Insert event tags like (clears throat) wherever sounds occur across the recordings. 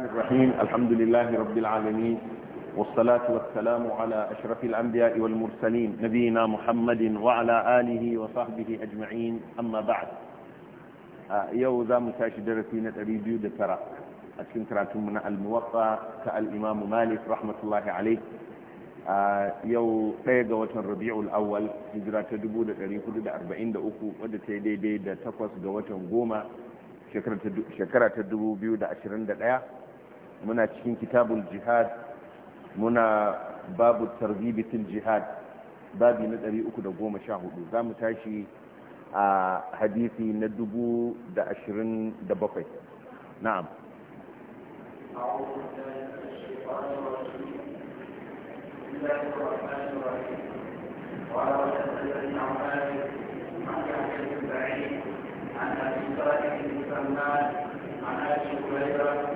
الرحيم الحمد لله رب العالمين والصلاة والسلام على أشرف الأنبياء والمرسلين نبينا محمد وعلى آله وصحبه أجمعين أما بعد يو ذا متاش درسينة أبي بيود ترى أشكن من الموطأ كالإمام مالك رحمة الله عليه هجرة ɗaya ga watan دا أربعين دا أكو ودا wadda دا yi دا وطن takwas شكرا تدبو goma shekara ta 2021 muna cikin kitabul jihad muna babu tarbibi fil jihad babi na 314 za mu tashi a hadisi na 1027 na'am أعوذ بالله من الشيطان الرجيم بسم الله الرحمن الرحيم قال وحدثني عن مالك عن يحيى بن سعيد عن ابي صالح بن سلمان عن ابي هريره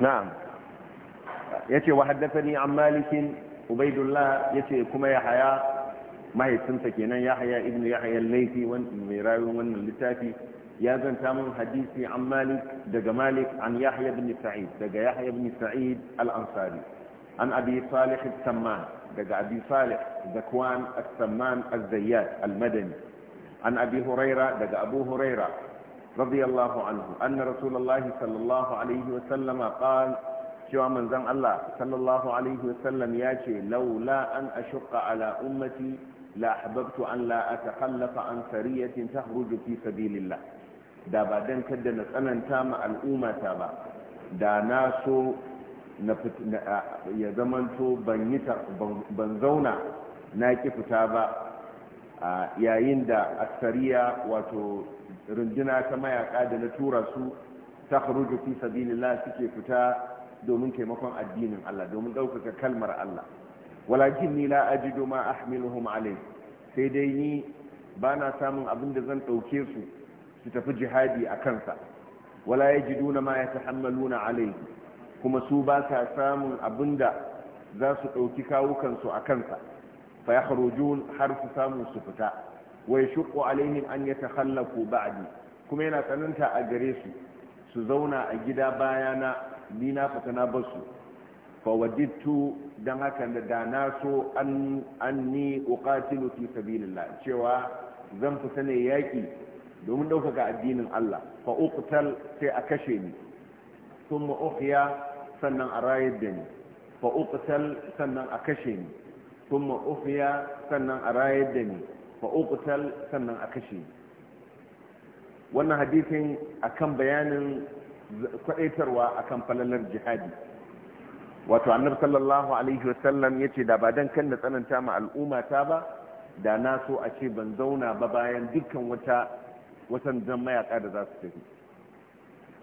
نعم يتي وحدثني عن مالك عبيد الله يتي كما يحيى ما يتنسى كينا نعم، يحيى ابن يحيى الليثي من راوي من اللتافي يا زن تامن حديثي عن مالك دجا مالك عن يحيى بن سعيد دجا يحيى بن سعيد الأنصاري عن أبي صالح السمان دجا أبي صالح ذكوان السمان الزيات المدني عن أبي هريرة دجا أبو هريرة رضي الله عنه أن رسول الله صلى الله عليه وسلم manzon Allah sallallahu alaihi wasallam ya ce laula an ashqa ala ummati la ahbabtu an la atakhallafa an sariyatin tahruju fi sabilillah da ba dan kada na tsananta ma al'ummata ba da na so na ya zamanto ban ban zauna na ki fita ba yayin da asariya wato runduna ta mayaka da na tura su ta kharuju fi sabilillah suke fita domin taimakon addinin Allah domin ɗaukaka kalmar Allah walakin ni la ajidu ma ahmiluhum alai sai dai ni ba na samun abin da zan ɗauke su su tafi jihadi a kansa wala yajiduna ma yatahammaluna alai kuma su ba sa samun abin da za su ɗauki kawukansu a kansa fa yakhrujun har su samu su fita wa yashqu alaihim an yatakhallafu ba'di kuma yana tsananta a gare su su zauna a gida bayana ni na fita na basu fa wajidtu dan haka da dana so an anni uqatilu fi sabilillah cewa zan fita ne yaki domin ɗaukaka addinin Allah fa uqtal sai a kashe ni thumma uhya sannan a rayar da ni fa uqtal sannan a kashe ni thumma uhya sannan a rayar da ni fa sannan a kashe wannan hadisin akan bayanin kwadaitarwa akan falalar jihadi wato annabi sallallahu alaihi wasallam yace da ba dan kan da tsananta ma al'umma ta ba da na so a ce ban zauna ba bayan dukkan wata watan zan mayaka da za su tafi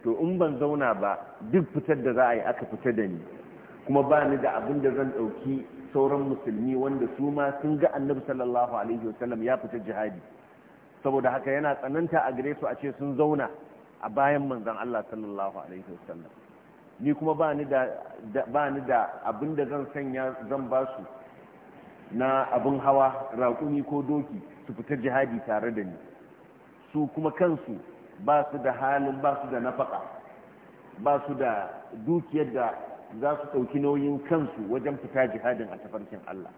to in ban zauna ba duk fitar da za a yi aka fita da ni kuma ba ni da abin da zan ɗauki sauran musulmi wanda su ma sun ga annabi sallallahu alaihi wasallam ya fita jihadi saboda haka yana tsananta a gare su a ce sun zauna a bayan manzon Allah sallallahu alaihi wasallam ni kuma ba ni da ba ni da abin da zan sanya zan ba su na abin hawa raƙumi ko doki su fita jihadi tare da ni su kuma kansu ba su da halin ba su da nafaka ba su da dukiyar da za su ɗauki nauyin kansu wajen fita jihadin a tafarkin Allah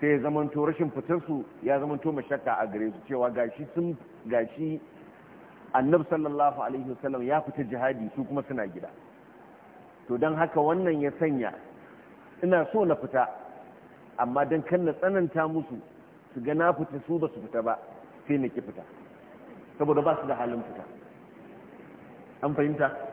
sai ya zamanto rashin fitarsu ya zamanto mashakka a gare su cewa gashi sun gashi annab sallallahu alaihi wasallam ya fita jihadi su kuma suna gida to don haka wannan ya sanya ina so na fita amma don kan na tsananta musu su ga na fita su ba su fita ba sai na ki fita saboda ba su da halin fita an fahimta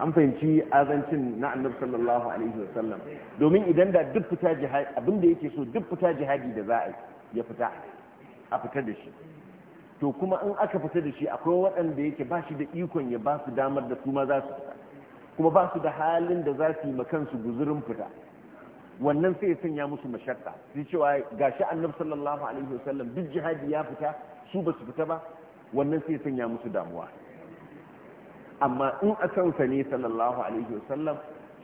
an fahimci azancin na annabi sallallahu alaihi wasallam domin idan da duk fita jihadi abin da yake so duk fita jihadi da za a ya fita a fita da shi to kuma in aka fita da shi akwai waɗanda yake ba shi da ikon ya ba su damar da su ma za su fita kuma ba su da halin da za su yi kansu guzurin fita wannan sai ya sanya musu mashakka sai cewa gashi annabi sallallahu alaihi wasallam duk jihadi ya fita su ba su fita ba wannan sai ya sanya musu damuwa amma in a sansa ne sallallahu alaihi wasallam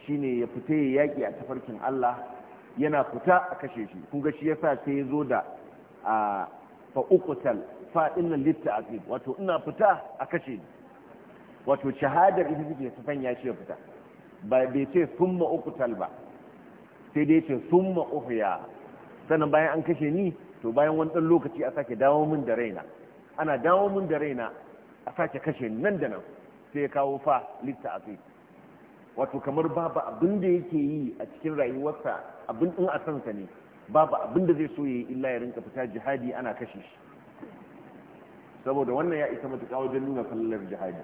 shine ya fita ya yaki a tafarkin Allah yana fita a kashe shi kun ga shi yasa sai ya zo da a fa uqtal fa inna litta'ib wato ina fita a kashe ni wato shahadar ita take ta fanya shi ya fita ba bai ce summa uqtal ba sai dai ce summa uhya sannan bayan an kashe ni to bayan wani dan lokaci a sake dawo min da raina ana dawo min da raina a sake kashe ni nan da nan sai ya kawo fa a afi wato kamar babu abin da yake yi a cikin rayuwarsa abin din a sansa ne babu abin da zai so yi illa ya rinka fita jihadi ana kashe shi saboda wannan ya isa matuƙa wajen nuna fallar jihadi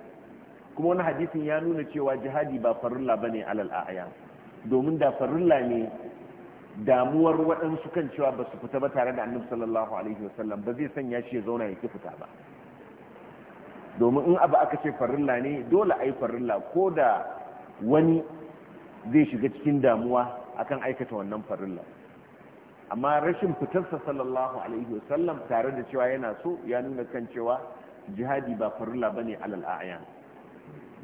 kuma wani hadisin ya nuna cewa jihadi ba farilla ne alal aya domin da farilla ne damuwar waɗansu kan cewa ba su fita ba tare da annabi sallallahu alaihi wasallam ba zai sanya shi ya zauna ya ki fita ba domin in abu aka ce farilla ne dole a yi farilla ko da wani zai shiga cikin damuwa akan aikata wannan farilla amma rashin fitarsa sallallahu alaihi wasallam tare da cewa yana so ya nuna kan cewa jihadi ba farilla bane alal a'yan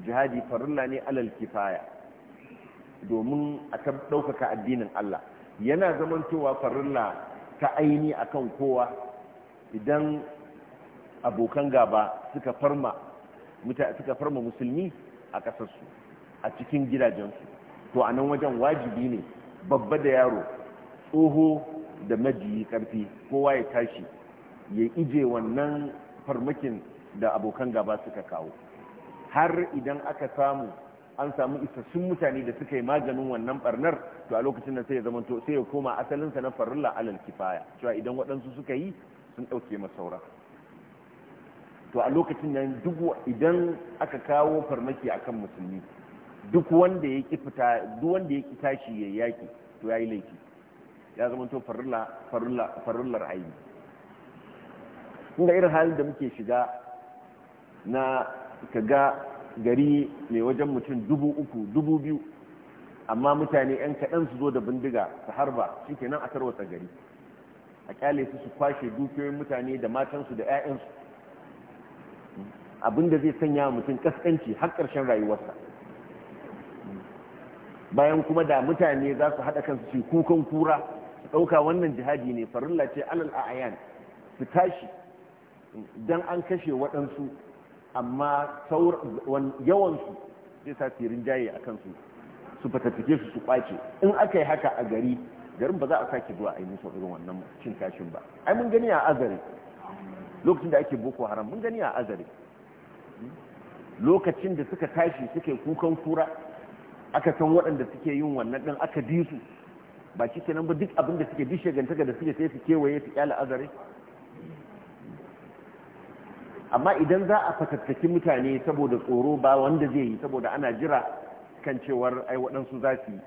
jihadi farilla ne alal kifaya domin a ɗaukaka addinin Allah yana zamantowa farilla ta aini akan kowa idan abokan gaba suka farma suka farma musulmi a ƙasarsu a cikin gidajensu to a nan wajen wajibi ne babba da yaro tsoho da majiyi ƙarfi kowa ya tashi ya ije wannan farmakin da abokan gaba suka kawo har idan aka samu an samu isassun mutane da suka yi maganin wannan barnar to a lokacin da sai ya zamanto sai ya koma asalinsa na farilla alal kifaya cewa idan waɗansu suka yi sun ɗauke masaura to a lokacin nan duk idan aka kawo farmaki akan musulmi duk wanda ya ki fita duk wanda ya ki tashi ya yaki to yayi laifi ya zama to farilla farilla farilla ra'ayi inda irin halin da muke shiga na kaga gari mai wajen mutum dubu uku dubu biyu amma mutane 'yan kaɗan su zo da bindiga su harba shi nan a tarwatsa gari a ƙyale su su kwashe dukiyoyin mutane da matansu da 'ya'yansu abinda zai sanya mutum kaskanci har ƙarshen rayuwarsa bayan kuma da mutane za su haɗa kansu su kukan kura su ɗauka wannan jihadi ne farilla ce alal ayan su tashi don an kashe waɗansu amma yawansu zai sa tirin jaye a kansu su fatattake su su kwace in aka yi haka a gari garin ba za a sake zuwa a yi irin wannan cin kashin ba ai mun gani a azare lokacin da ake boko haram mun gani a azare lokacin da suka tashi suke kukan kura aka san waɗanda suke yin wannan ɗin aka bi su ba shi kenan ba duk abin da suke dishe gantaka da suke sai su kewaye su kyala azare amma idan za a fatattaki mutane saboda tsoro ba wanda zai yi saboda ana jira kan cewar ai waɗansu za su yi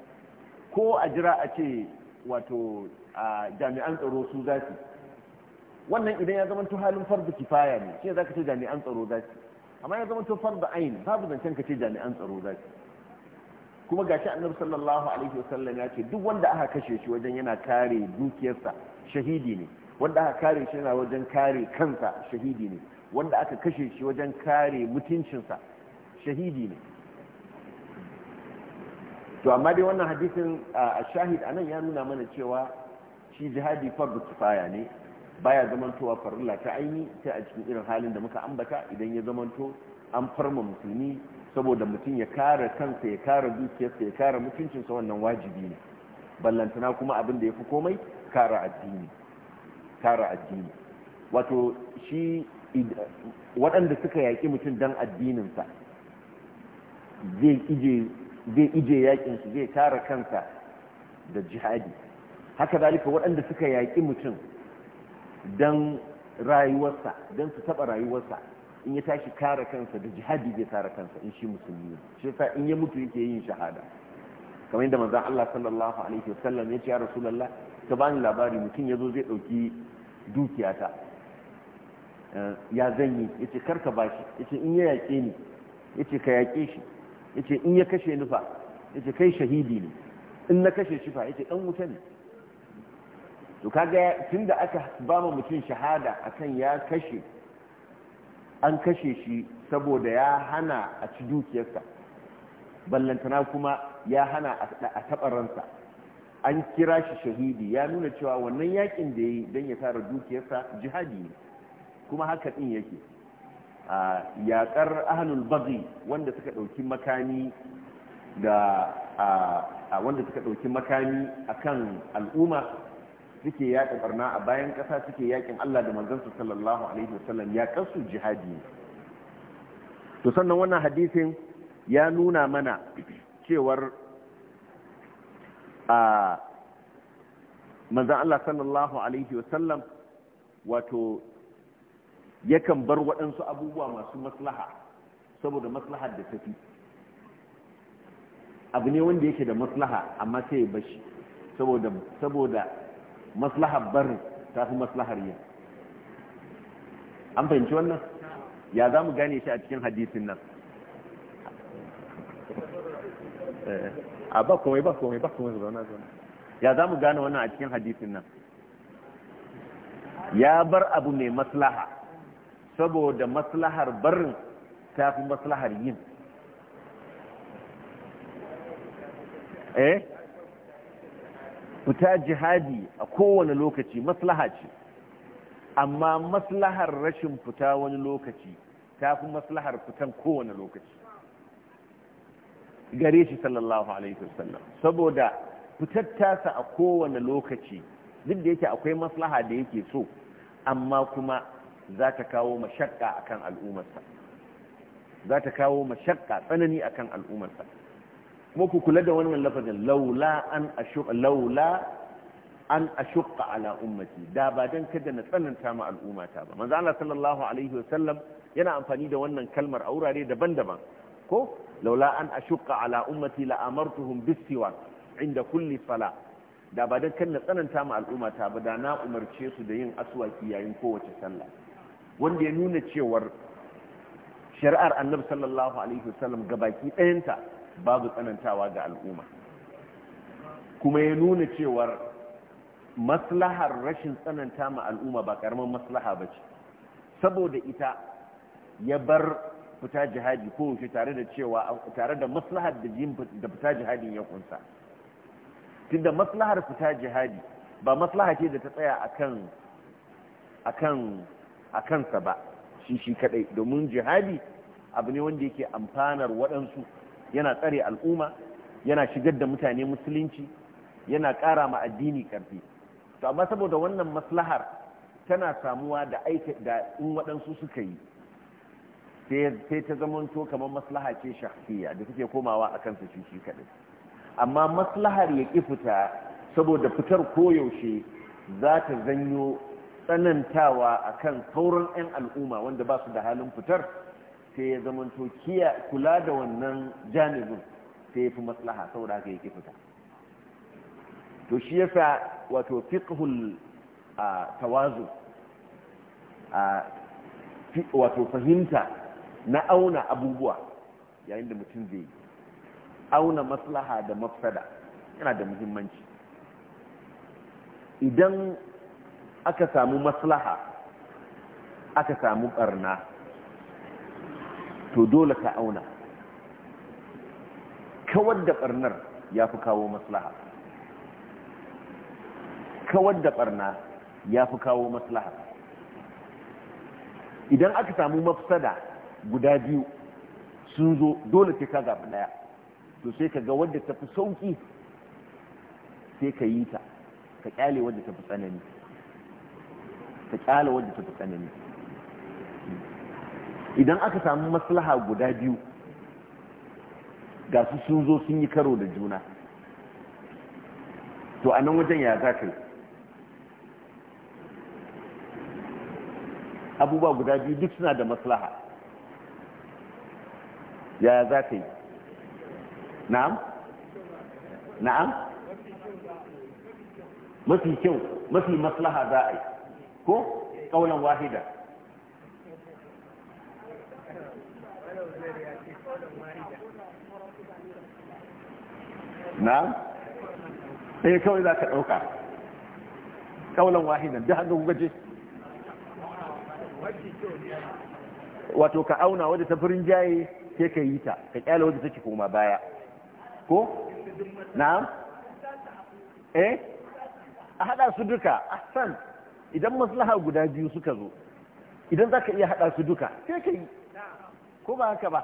ko a jira a ce wato a jami'an tsaro su za su wannan idan ya zama halin farbiki kifaya ne shi za ka ce jami'an tsaro za su amma ya zama tofar da ayin babu zancen ka ce jami'an tsaro za ki kuma shi annabi sallallahu alaihi wasallam ya ce duk wanda aka kashe shi wajen yana kare dukiyarsa shahidi ne wanda aka kare shi yana wajen kare kansa shahidi ne wanda aka kashe shi wajen kare mutuncinsa shahidi ne to amma dai wannan hadisin a shahid anan ya nuna mana cewa shi jihadi fardu kifaya ne baya zamantowa farilla ta aini sai a cikin irin halin da muka ambata idan ya zamanto an farma musulmi saboda mutum ya kare kansa ya kare dukiyarsa ya kare mutuncinsa wannan wajibi ne ballantana kuma abin da ya fi komai kare addini kare addini wato shi waɗanda suka yaƙi mutum don addininsa zai ije yaƙinsu zai kare kansa da jihadi haka zalika waɗanda suka yaƙi mutum don rayuwarsa don su taɓa rayuwarsa in ya tashi kare kansa da jihadi zai kare kansa in shi musulmi ne shi yasa in ya mutu yake yin shahada kamar yadda manzon Allah sallallahu alaihi wasallam ya ce ya rasulullah ka bani labari mutum ya zo zai ɗauki dukiyata ya zanyi ya ce kar ba shi ya ce in ya yaƙe ni ya ce ka yaƙe shi ya ce in ya kashe ni fa ya ce kai shahidi ne in na kashe shi fa ya ce ɗan wuta ne to kaga tunda aka ba mu mutum shahada akan ya kashe an kashe shi saboda ya hana a ci dukiyarsa ballantana kuma ya hana a tabaransa an kira shi shahidi ya nuna cewa wannan yakin da ya yi don ya tara dukiyarsa jihadi ne kuma haka din yake a yaƙar ahlul bazi wanda suka dauki makami da a wanda suka ɗauki makami akan al'umma suke yaƙa barna a bayan ƙasa suke yaƙin Allah da manzansa sallallahu alaihi wasallam ya kasu jihadi ne to sannan wannan hadisin ya nuna mana cewar a manzan Allah sallallahu alaihi wasallam wato yakan bar waɗansu abubuwa masu maslaha saboda maslahar da tafi abu ne wanda yake da maslaha amma sai ya bashi saboda maslahar barin ta fi maslahar yin an fahimci wannan ya za mu gane shi a cikin hadisin nan eh, a ba komai ba komai ba komai zaune zaune ya za mu gane wannan a cikin hadisin nan ya bar abu mai maslaha saboda maslahar barin ta fi maslahar yin eh fita jihadi a kowane lokaci maslaha ce amma maslahar rashin fita wani lokaci ta fi maslahar fitan kowane lokaci gare shi sallallahu alaihi wasallam saboda fitar tasa a kowane lokaci duk da yake akwai maslaha da yake so amma kuma za ta kawo mashakka akan al'ummarsa za ta kawo mashakka tsanani akan al'ummarsa kuma ku kula da wannan lafazin laula an ashuqa laula an ashqa ala ummati da ba dan kada na tsananta ma al'ummata ba manzo Allah sallallahu alaihi wasallam yana amfani da wannan kalmar a wurare daban-daban ko laula an ashqa ala ummati la amartuhum bisiwa inda kulli fala da ba dan kada na tsananta ma al'ummata ba da na umarce su da yin aswaki yayin kowace sallah wanda ya nuna cewar shari'ar annabi sallallahu alaihi wasallam gabaki ɗayanta babu tsanantawa ga al'umma kuma ya nuna cewar maslahar rashin tsananta ma al'umma ba karamin maslaha ba ce saboda ita ya bar fita jihadi ko wuce tare da cewa tare da maslahar da jin da fita jihadin ya kunsa tunda maslahar fita jihadi ba maslaha ce da ta tsaya akan akan akan sa ba shi shi kadai domin jihadi abu ne wanda yake amfanar waɗansu yana tsare al'umma yana shigar da mutane musulunci yana ƙara ma addini ƙarfi to amma saboda wannan maslahar tana samuwa da aika da in waɗansu suka yi sai ta zamanto kamar maslaha ce shakhsiyya da suke komawa a kansu shi shi kaɗai amma maslahar ya ƙi fita saboda fitar koyaushe za ta zanyo tsanantawa akan sauran 'yan al'umma wanda ba su da halin fitar sai ya zamanto kiya kula da wannan jami'in sai ya fi maslaha saboda haka yake fita to shi yasa wato fiqhul tawazu wato fahimta na auna abubuwa yayin da mutum zai yi auna maslaha da mafsada yana da muhimmanci idan aka samu maslaha aka samu barna to dole ka auna kawar da barnar ya fi kawo maslaha kawar da barna ya fi kawo maslaha idan aka samu mafsada guda biyu sun zo dole sai ka gaba ɗaya to sai ka ga wadda ta fi sauƙi sai ka yi ta ka ƙyale wadda ta fi tsanani ka ƙyale wadda ta fi tsanani idan aka samu maslaha guda biyu ga su sun zo sun yi karo da juna to a nan wajen ya za ka yi abubuwa guda biyu duk suna da maslaha ya za ka yi na'am na'am mafi kyau mafi maslaha za a yi ko ƙaunar wahida na ɗaya eh, kawai za ka ɗauka ƙaunar wahidan da hannun gaje wato ka auna wadda ta firin jaye ke ka yi ta ka ƙyala wadda take koma baya ko na eh a haɗa su duka san idan maslaha guda biyu suka zo idan za ka iya haɗa su duka ke ka yi ko ba haka ba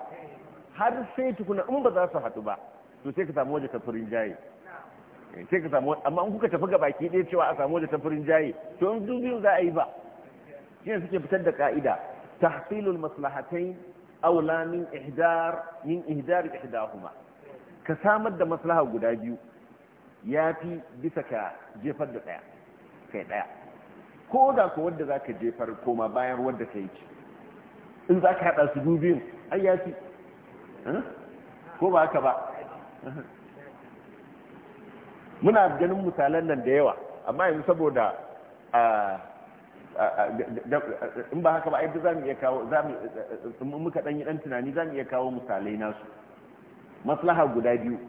har sai tukuna in ba za su haɗu ba to sai ka samu waje ta furin jaye eh, sai ka samu amma in kuka tafi baki ɗaya cewa a samu waje ta furin jaye to in duk za a yi ba ne suke fitar da ka'ida tahsilul maslahatai aula min ihdar min ihdar ihdahuma ka samar da maslaha guda biyu yafi bisa ka jefar da daya kai daya ko da ko wanda zaka jefar koma bayan wanda kai ci in zaka hada su dubin ai yafi ko ba haka ba muna ganin misalan nan da yawa amma yanzu saboda in ba haka ba ai za mu iya kawo za mu muka dan yi dan tunani za mu iya kawo misalai nasu maslaha guda biyu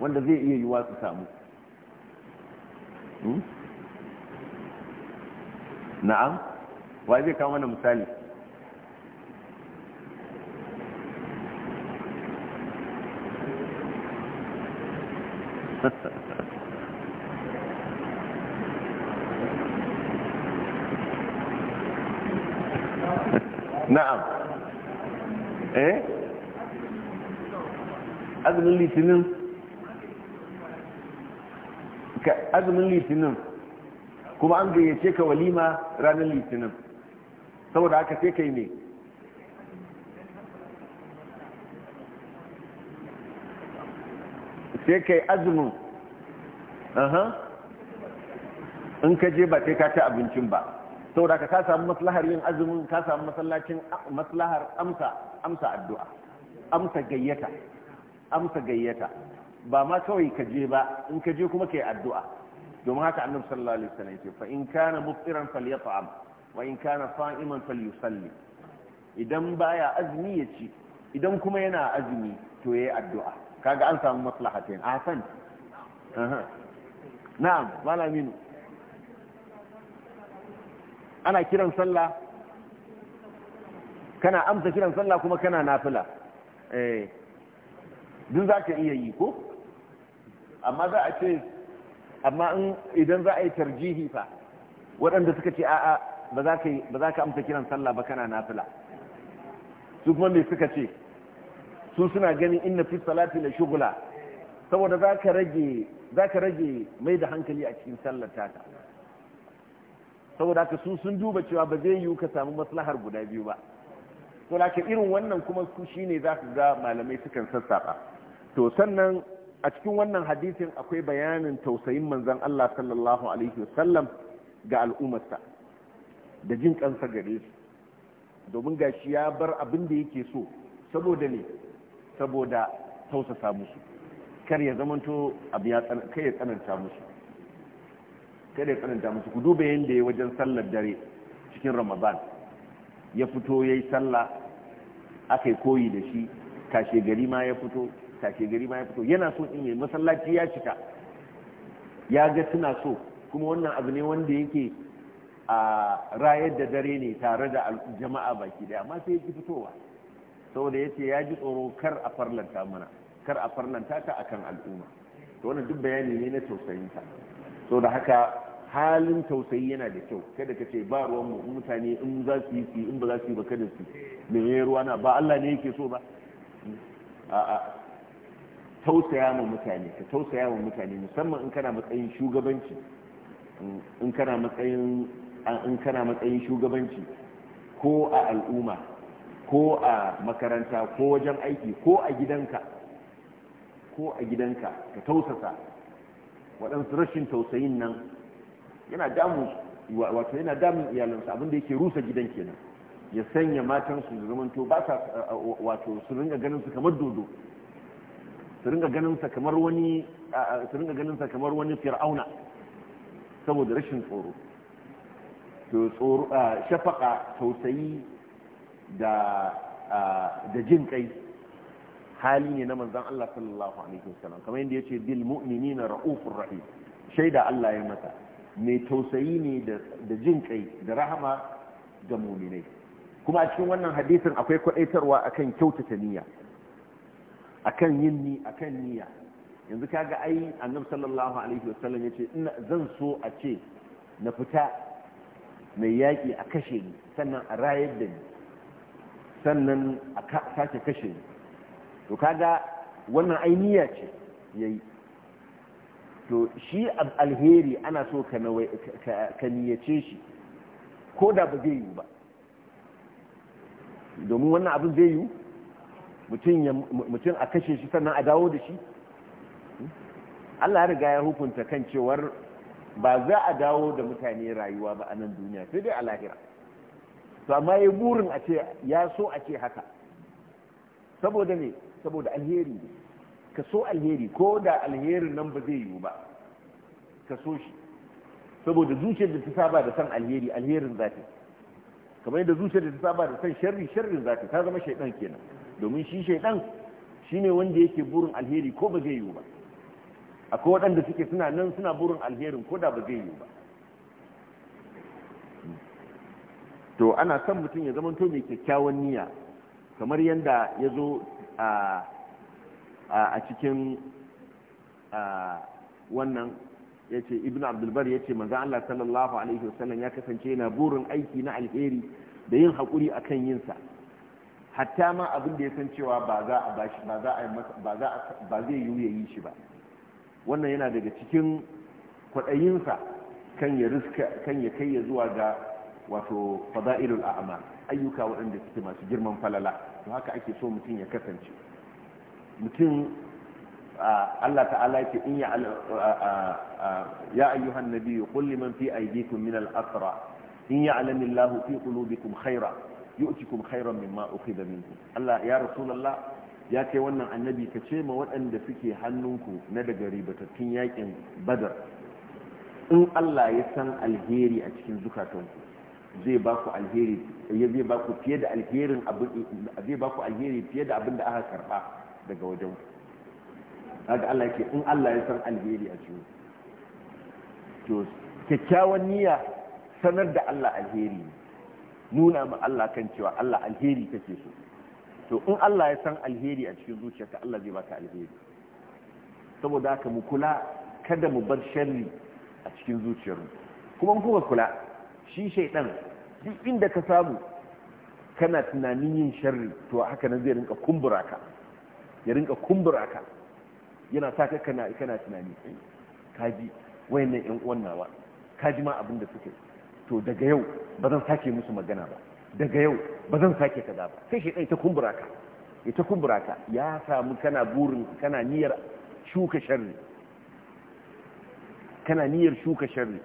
wanda zai iya yiwa su samu hmm? na'am wa zai kawo mana misali (laughs) na'am eh azumin litinin ka azumin litinin kuma an gayyace ka walima ranar litinin saboda haka sai kai ne sai kai azumin in ka je ba sai ka ci abincin ba saboda ka samu maslahar yin azumin ka samu masallacin maslahar amsa amsa addu'a amsa gayyata amsa gayyata ba ma kawai ka je ba in ka je kuma kai addu'a domin haka annabi sallallahu alaihi wasallam yace fa in kana muftiran falyat'am wa in kana sa'iman falyusalli idan baya azumi ya ci idan kuma yana azumi to yayi addu'a kaga an samu maslahatain ahsan na'am malaminu ana kiran sallah kana amsa kiran sallah kuma kana nafila eh duk za ka iya yi ko amma za a ce amma idan za a yi tarjihi fa waɗanda suka ce a'a ba za ka amsa kiran sallah ba kana nafila su kuma me suka ce su suna ganin inna fi salati la shugula saboda za ka rage mai da hankali a cikin sallar ta saboda ka su sun duba cewa ba zai yiwu ka samu maslahar guda biyu ba to da irin wannan kuma su ne za ka ga malamai sukan sassaɓa to sannan a cikin wannan hadisin akwai bayanin tausayin manzan Allah sallallahu alaihi wasallam ga al'ummarsa da jin kansa gare su domin gashi ya bar abin da yake so saboda ne saboda tausasa musu kar ya zamanto abu ya kai ya tsananta musu ya tsananta musu ku duba yadda ya wajen sallar dare cikin ramadan ya fito ya yi sallah aka yi koyi da shi kashe gari ma ya fito kashe gari ma ya fito yana so in yi masallaci ya cika ya ga suna so kuma wannan abu ne wanda yake a rayar da dare ne tare da jama'a baki daya amma sai ya fitowa saboda ya ce ya ji tsoro kar a farlanta mana kar a farlanta ta akan al'umma to wannan duk bayani ne na tausayinta so da haka halin tausayi yana da kyau kada ka ce ba ruwan mu mutane in za su yi in ba za su yi ba kada su me ruwa na ba Allah ne yake so ba a tausaya mu mutane ka tausaya mu mutane musamman in kana matsayin shugabanci in kana matsayin in kana matsayin shugabanci ko a al'umma ko a makaranta ko wajen aiki ko a gidanka ko a gidanka ka tausasa waɗansu rashin tausayin nan yana damun wato yana damun iyalansa abinda yake rusa gidan kenan ya sanya matan su to ba sa wato su ringa ganin su kamar dodo su ringa ganin sa kamar wani su ringa ganin sa kamar wani fir'auna saboda rashin tsoro to tsoro shafaka tausayi da da jin kai hali ne na manzan Allah sallallahu alaihi wasallam kamar yadda yace bil mu'minina raufur rahim shaida Allah ya mata mai tausayi ne da jin kai da rahama ga mu'minai kuma a cikin wannan hadisin akwai kwadaitarwa akan kyautata niyya akan yin ni akan niyya yanzu kaga ai annabi sallallahu alaihi wasallam yace ina zan so a ce na fita mai yaƙi a kashe ni sannan a rayar da ni sannan a sake kashe ni to kaga wannan ainiya ce yayi to shi alheri ana so ka niyace shi ko da ba zai yi ba domin wannan abin zai yi mutum a kashe shi sannan a dawo da shi allah riga ya hukunta kan cewar ba za a dawo da mutane rayuwa ba a nan duniya sai dai a lahira to amma ya burin a ce ya so a ce haka saboda ne saboda alheri ka so alheri ko da alherin nan ba zai yiwu ba ka so shi saboda zuciyar da ta saba da san alheri alherin za ta kamar yadda zuciyar da ta saba da san sharri sharrin za ta ta zama shaidan kenan domin shi shaidan shi ne wanda yake burin alheri ko ba zai yiwu ba akwai waɗanda suke suna nan suna burin alherin ko da ba zai yiwu ba to ana son mutum ya zama to mai kyakkyawan niyya kamar yadda ya zo a cikin wannan ya ce ibn abdulbar ya ce manzan Allah sallallahu alaihi wasallam ya kasance yana burin aiki na alheri da yin haƙuri a kan yinsa hatta ma abin da ya san cewa ba za a yi ya yi shi ba wannan yana daga cikin kwaɗayinsa kan ya kai ya zuwa ga wato fada'ilul a'ama ayyuka waɗanda suke masu girman falala to haka ake so mutum ya kasance mutum Allah ta'ala yake in ya ya ayyuhan nabiyyu qul liman fi aydikum min al-asra in ya'lamu Allahu fi qulubikum khaira yu'tikum khairan mimma ukhidha minkum Allah ya rasulullah ya kai wannan annabi ka ce ma waɗanda suke hannunku na daga ribatattun yakin badar in Allah ya san alheri a cikin zukatanku zai ba ku alheri zai ba ku fiye da alherin abin zai ba ku alheri fiye da abin da aka karba daga wajen haka Allah yake in Allah ya san alheri a cikin to kyakkyawan niyya sanar da Allah alheri nuna ma Allah kan cewa Allah alheri kake so to in Allah ya san alheri a cikin zuciyarka Allah zai baka alheri saboda haka mu kula kada mu bar sharri a cikin zuciyarmu kuma kuma kula shi shaidan duk inda ka samu kana tunanin yin sharri to haka nan zai rinka kumbura ka ya rinka kumbura ka yana sa ka kana kana tunani eh, kaji wayannan yan uwan nawa kaji ma abin da suke to daga yau ba zan sake musu magana ba daga yau ba zan sake ka ba sai shaidan ta kumbura ka ya ta kumbura ka ya samu kana burin kana niyyar shuka sharri kana niyyar shuka sharri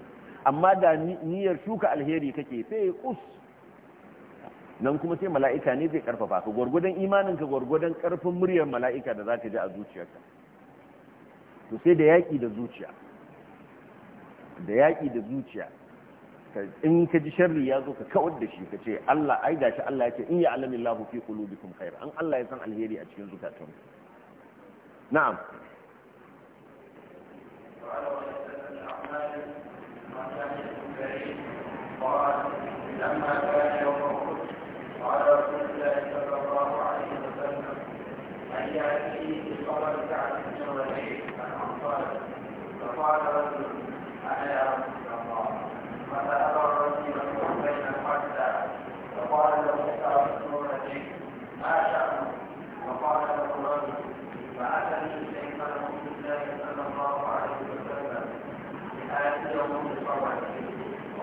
amma da niyyar shuka alheri kake sai kus nan kuma sai mala'ika ne zai karfafa ka gwargwadon imaninka gwargwadon karfin muryar mala'ika da zaka ji a zuciyarka to sai da yaƙi da zuciya da yaki da zuciya in ka ji sharri ya zo ka kawar da shi ka ce Allah ai gashi Allah ya ce in ya alamin lahu fi qulubikum khair an Allah ya san alheri a cikin zuciyarka na'am قال لما كان يوم القدس قال رسول الله صلى الله عليه وسلم ان ياتيه بخبر كعب بن وليد عن قال فقال رجل انا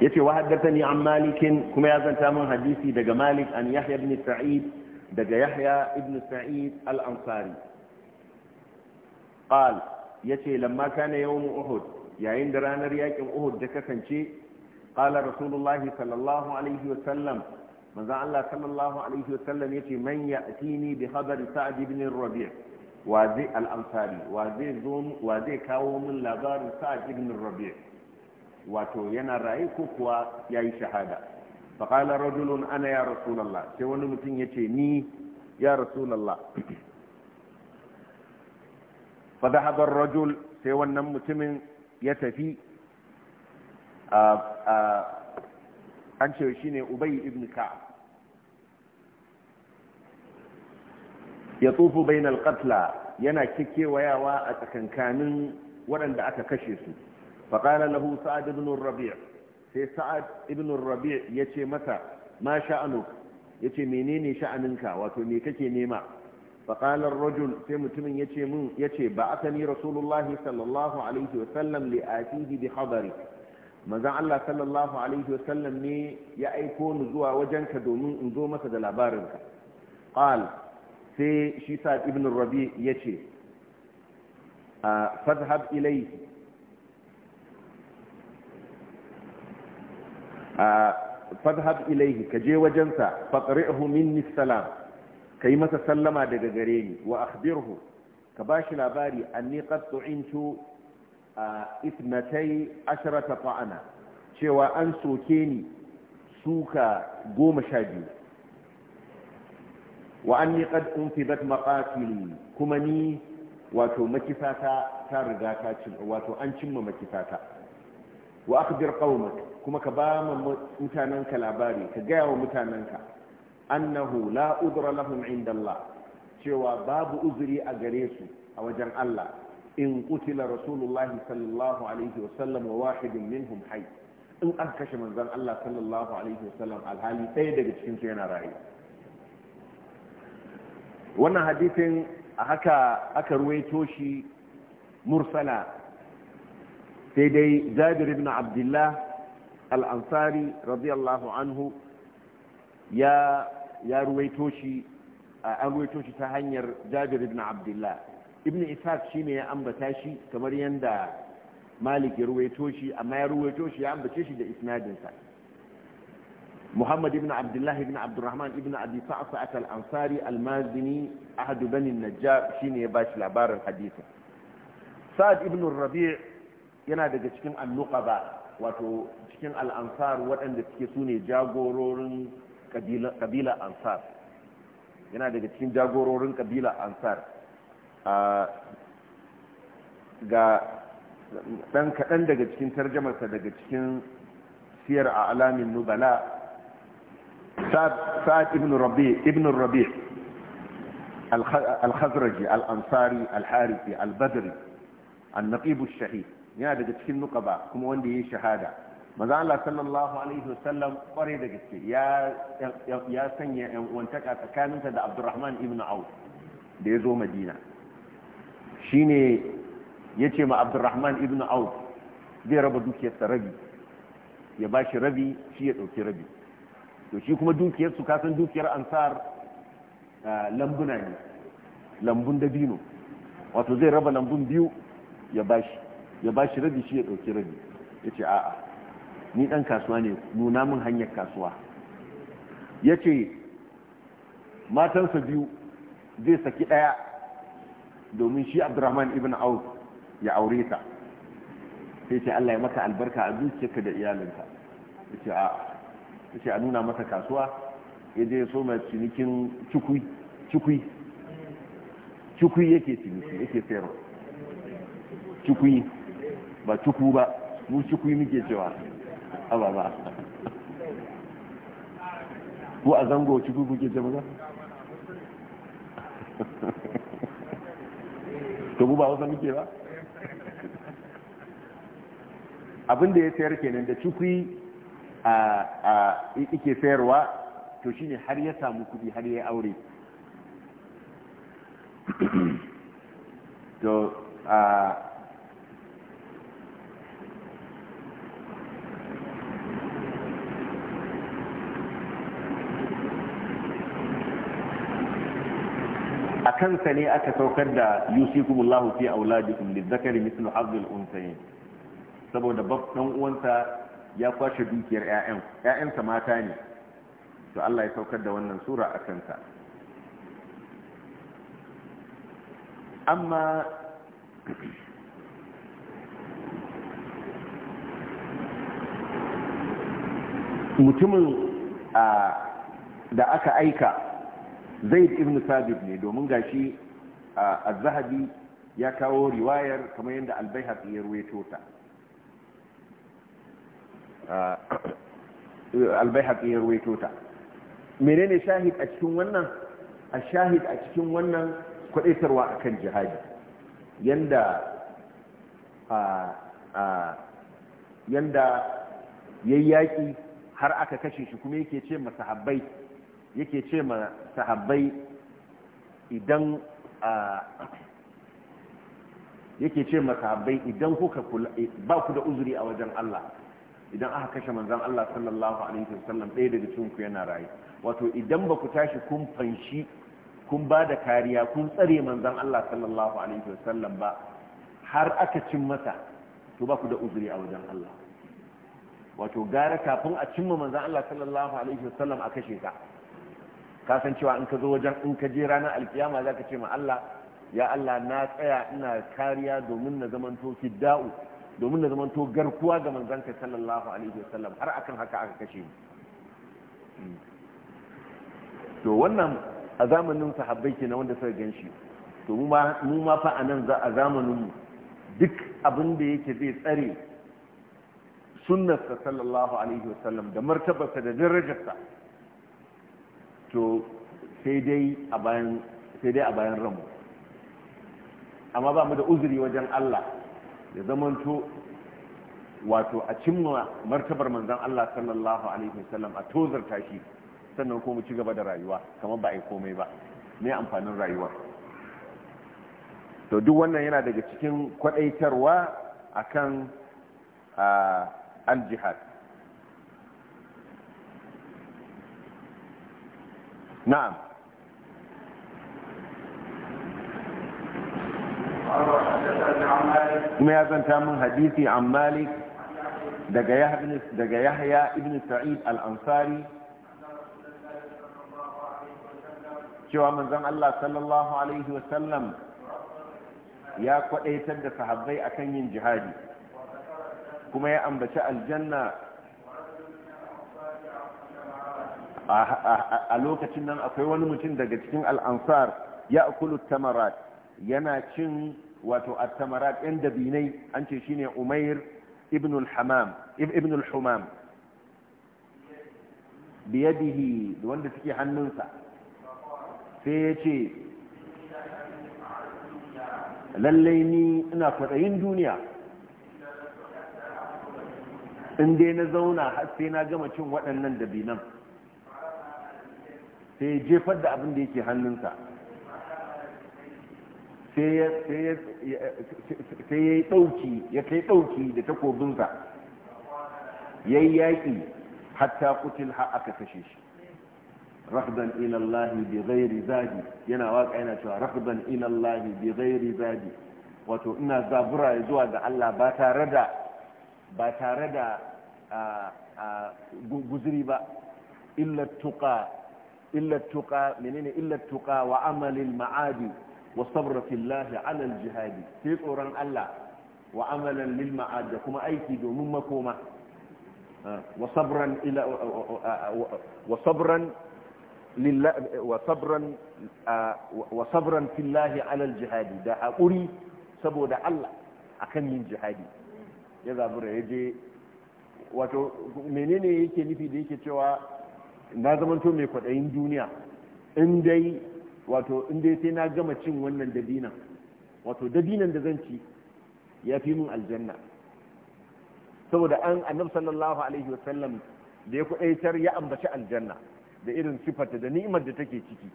yace wa haddathani an malikin kuma ya zanta min hadisi daga malik an yahya ibn sa'id daga yahya ibn sa'id al-ansari qal yace lamma kana yawm uhud yayin da ranar yakin uhud da kasance qala rasulullah sallallahu alaihi wa sallam manzo Allah sallallahu alaihi wa sallam yace man ya'tini bi khabari sa'd ibn rabi' wa zai al-ansari wa zai zo wa zai kawo min labarin sa'd ibn rabi' wato yana raye ko kuwa ya yi shahada faƙala rajulun ana ya rasulallah sai wani mutum ya ce ni ya rasulallah fadahabar rajul sai wannan mutumin ya tafi an ce shi ne ubai ibn ka'ab ya tsufu bainal qatla yana kikewayawa a tsakankanin waɗanda aka kashe su faƙala lahu sa'ad ibn rabi' sai sa'ad ibn rabi' ya ce masa ma sha'anu ya ce menene sha'aninka wato me kake nema faƙalar rajul sai mutumin ya ce min ya ce ba aka ni rasulullahi sallallahu alaihi wasallam li bi khabari manzon Allah sallallahu alaihi wasallam ne ya aiko ni zuwa wajenka domin in zo masa da labarinka qal sai shi Sa'ad ibn rabi ya ce Fadhab Ilaihi, ka je wajensa faqri'hu minni salam kai masa sallama daga gare ni wa akhbirhu ka bashi labari anni qad tu'intu ithnatai asharata ta'ana cewa an soke ni suka goma sha biyu wa anni qad unfidat maqatili kuma ni wato makisata ta riga ta cin wato an cimma makisata wa akhbir qaumak kuma ka ba mu ka labari ka gaya wa ka annahu la udra lahum inda Allah cewa babu uzuri a gare su a wajen Allah in qutila rasulullah sallallahu alaihi wa sallam wa wahidun minhum hayy in an kashe manzon Allah sallallahu alaihi wa sallam alhali ɗaya daga cikin su yana rayu wannan hadisin haka aka ruwaito shi mursala sai dai jabir ibn abdullah al-ansari radiyallahu anhu ya ya ruwaito shi an ruwaito shi ta hanyar jabir ibn abdullah ibn shi ne ya ambata shi kamar yadda malik ya ruwaito shi amma ya ruwaito shi ya ambace shi da isnadinsa محمد Ibn عبد Ibn بن عبد الرحمن بن أبي صعصعة الأنصاري المازني أحد بني النجار ya bashi labarin الحديث Sa'ad Ibn الربيع yana daga cikin ba wato cikin al'ansar waɗanda suke su ne jagororin ƙabila ansar yana daga cikin jagororin ƙabila ansar ga ɗan kaɗan daga cikin tarjamarsa daga cikin siyar a alamin nubala sa'ad ibn rabi al-khazraji al-ansari al-harifi al-badri an Naqibu shahid yana daga cikin nukaba kuma wanda ya yi shahada maza Allah sallallahu alaihi wasallam kware da gaske ya sanya yan uwantaka tsakaninsa da Abdurrahman ibn Auf da ya zo Madina shine ce ma Abdurrahman ibn Auf zai raba dukiyarsa rabi ya ba shi rabi shi ya dauki rabi to shi kuma dukiyarsu kasan dukiyar ansar lambuna ne lambun dabino wato zai raba lambun biyu ya ba shi. ya ba shi rabi shi ya ɗauki rabi ya ce a'a ni ɗan kasuwa ne nuna min hanyar kasuwa ya ce matansa biyu zai saki ɗaya domin shi abdurrahman ibn auf ya aure ta sai ce allah ya maka albarka a zuciyarka da iyalinka ya ce a'a ya ce a nuna masa kasuwa ya je so mai cinikin cikui cikui cikui yake ciniki yake sayarwa cikui ba cuku ba mu cuku muke cewa aba ba ko a zango cuku kuke ce maza (laughs) to mu ba wasa muke ba abin da ya sayar kenan da cuku a ike sayarwa to shine har ya samu kudi har ya aure (clears throat) to a kansa ne aka saukar da yusikumullahu fi auladikum lizzakari mithlu hazzil unsayin saboda bab dan uwansa ya kwashe dukiyar ƴaƴan ƴaƴansa mata ne to Allah ya saukar da wannan sura a kansa amma mutumin ah, da aka aika zaid ibn sabit ne domin gashi a zahabi ya kawo riwayar kamar yadda albayhaqi ya ruwaito ta albayhaqi ya ruwaito ta menene shahid a cikin wannan a shahid a cikin wannan kwadaitarwa akan jihadi yanda a a yanda yayyaki har aka kashe shi kuma yake ce masahabbai yake ce ma sahabbai idan yake ce ma sahabbai idan kuka ba ku da uzuri a wajen Allah idan aka kashe manzon Allah sallallahu alaihi wasallam ɗaya daga cikin ku yana raye wato idan ba ku tashi kun fanshi kun ba da kariya kun tsare manzon Allah sallallahu alaihi wasallam ba har aka cin masa to ba ku da uzuri a wajen Allah wato gara kafin a cimma manzon Allah sallallahu alaihi wasallam a kashe ka ka san cewa in ka zo wajen in ka je ranar alkiyama za ka ce ma Allah ya Allah na tsaya ina kariya domin na zamanto fidda'u domin na zamanto garkuwa ga manzanka sallallahu alaihi wasallam har akan haka aka kashe mu to wannan a zamanin sahabbai kenan wanda suka ganshi to mu ma fa anan za a zamanin mu duk abin da yake zai tsare sunnarsa sallallahu alaihi wasallam da martabarsa da darajarsa to sai dai a bayan ranmu amma ba mu da uzuri wajen Allah ya zamanto wato a cimma martabar manzan Allah sallallahu alaihi wasallam a tozarta shi sannan ko mu ci gaba da rayuwa kamar ba a yi komai ba mai amfanin rayuwa to duk wannan yana daga cikin kwadaitarwa akan kan aljihad. na'am kuma ya zanta min hadisi an malik daga yahya ibn sa'id al-ansari cewa manzon Allah sallallahu alaihi wasallam ya kwadaitar da sahabbai akan yin jihadi kuma ya ambaci aljanna a lokacin nan akwai wani mutum daga cikin al'ansar ya kulu tamarat yana cin wato a tamarat dabinai an ce shine umair ibn al-hamam wanda suke hannunsa sai ya ce lallai ni ina kwaɗayin duniya in dai na zauna har sai na gama cin waɗannan dabinan sai ya jefar da abin da yake hannunsa sai ya yi ɗauki ya kai ɗauki da takobinsa ya yi yaƙi hatta kutil ha aka kashe shi رفضا إلى الله بغير زادي ينا واقع ينا شوى رفضا إلى الله بغير زادي wato ina zabura zuwa ga Allah ba tare da ba tare da guzuri ba illa tuqa إلا التقى منين إلا التقى وعمل المعادي والصبر في الله على الجهاد في قرآن الله وعملا للمعاد كما أيتي دوم مكومة آه، وصبرا إلى آه، آه، وصبرا لله وصبرا وصبرا في الله على الجهاد ده أقولي سبود الله أكن من جهادي يذهب رجي يجي وتو منين يكي نفي ديكي cewa na zamanto mai kwaɗayin duniya in dai wato in dai sai na gama cin wannan dabinan wato dabinan da zan ci ya fi mun aljanna saboda an annabi sallallahu alaihi wasallam da ya kuɗaitar ya ambaci aljanna da irin sifarta da ni'imar da take ciki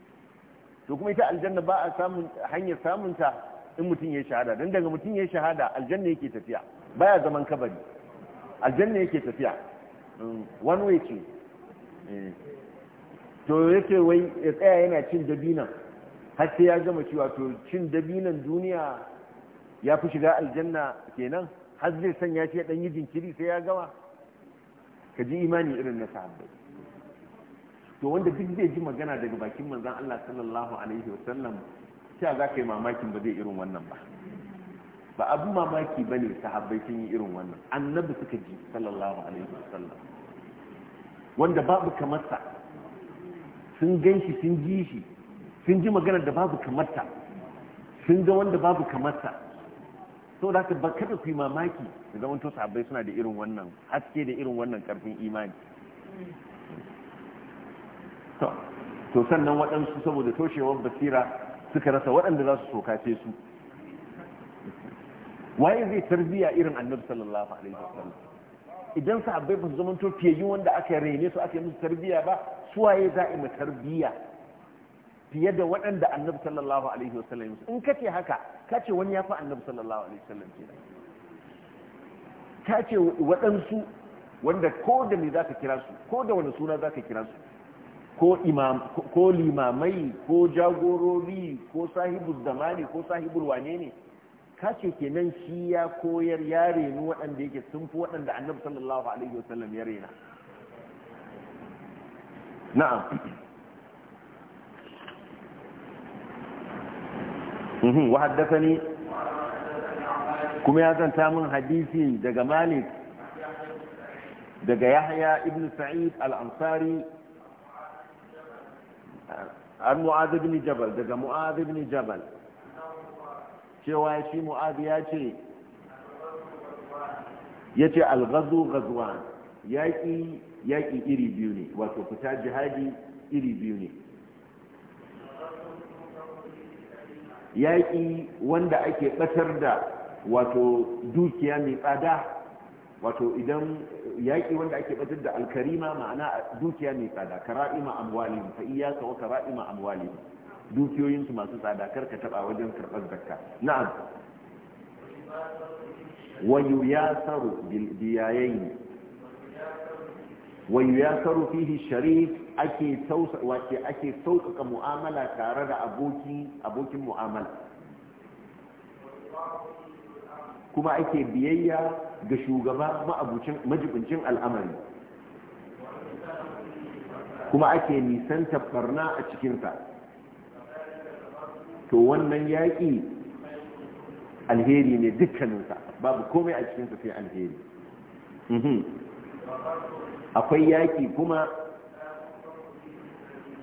to kuma ita aljanna ba a samun hanyar samunta in mutum ya shahada don daga mutum ya shahada aljanna yake tafiya baya zaman kabari aljanna yake tafiya mm, one way ce to yake wai ya tsaya yana cin dabinan har sai ya gama cewa to cin dabinan duniya ya fi shiga aljanna kenan har zai sanya shi dan yi jinkiri sai ya gama ka ji imani irin na sahabbai to wanda duk zai ji magana daga bakin manzon Allah sallallahu alaihi wasallam sai za ka yi mamakin ba zai irin wannan ba ba abu mamaki bane sahabbai sun yi irin wannan annabi suka ji sallallahu alaihi wasallam wanda babu kamarsa sun gan shi sun ji shi sun ji maganar da babu kamarta sun ga wanda babu kamarta sau da ka kada ku yi mamaki da zaman to sahabbai suna da irin wannan haske da irin wannan karfin imani to sannan waɗansu saboda toshewar basira suka rasa waɗanda za su sokace su waye zai tarbiya irin annabi sallallahu alaihi wasallam idan sahabbai ba su zama to wanda aka rene su aka yi musu tarbiyya ba waye za a yi tarbiyya fiye da waɗanda annabi sallallahu alaihi wa sallam in ka ce haka ka ce wani ya fi annabi sallallahu alaihi sallam ce ka ce waɗansu wanda ko da me za ka kira su ko da wani suna za ka kira su ko limamai ko jagorori ko sahibul zamani ko sahibul wane ne kace kenan shi ya koyar ya reni waɗanda yake sun fi waɗanda annabi sallallahu alaihi wasallam ya rena na'am wa haddathani kuma ya zanta min hadisi daga Malik daga Yahya ibn Sa'id al-Ansari an Mu'adh ibn Jabal daga Mu'adh ibn Jabal cewa shi mu'adu ya ce ya ce algazu gazuwa yaƙi yaƙi iri biyu ne wato fita jihadi iri biyu ne yaƙi wanda ake ɓatar da wato dukiya mai tsada wato idan yaƙi wanda ake ɓatar da alkarima ma'ana dukiya mai tsada kara'ima amwali fa iyaka wa kara'ima amwali dukiyoyinsu masu tsada kar ka taba wajen karɓar zakka na'am wayu ya saru biyayayi wayu ya saru fihi sharif ake sausa wace ake sauƙaƙa mu'amala tare da aboki abokin mu'amala kuma ake biyayya ga shugaba ma'abucin majibincin al'amari kuma ake nisan tabbarna a cikinsa to wannan yaƙi alheri ne dukkaninsa babu komai a cikinsa sai alheri mhm. akwai yaƙi kuma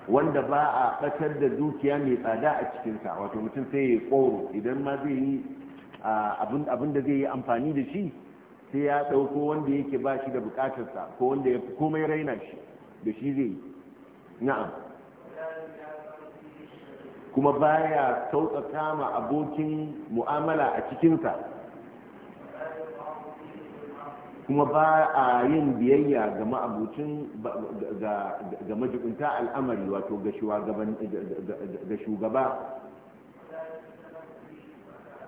wanda ba a ɓatar da dukiya mai tsada a cikinsa wato mutum sai ya ƙoro idan ma zai yi abin da zai yi amfani da shi sai ya ɗauko wanda yake ba shi da buƙatarsa ko wanda ya fi komai raina shi da shi zai yi na'am kuma baya sautsaka ma abokin mu'amala a cikinsa kuma ba a yin biyayya ga ma'abucin ga majibinta al'amari wato ga shugaba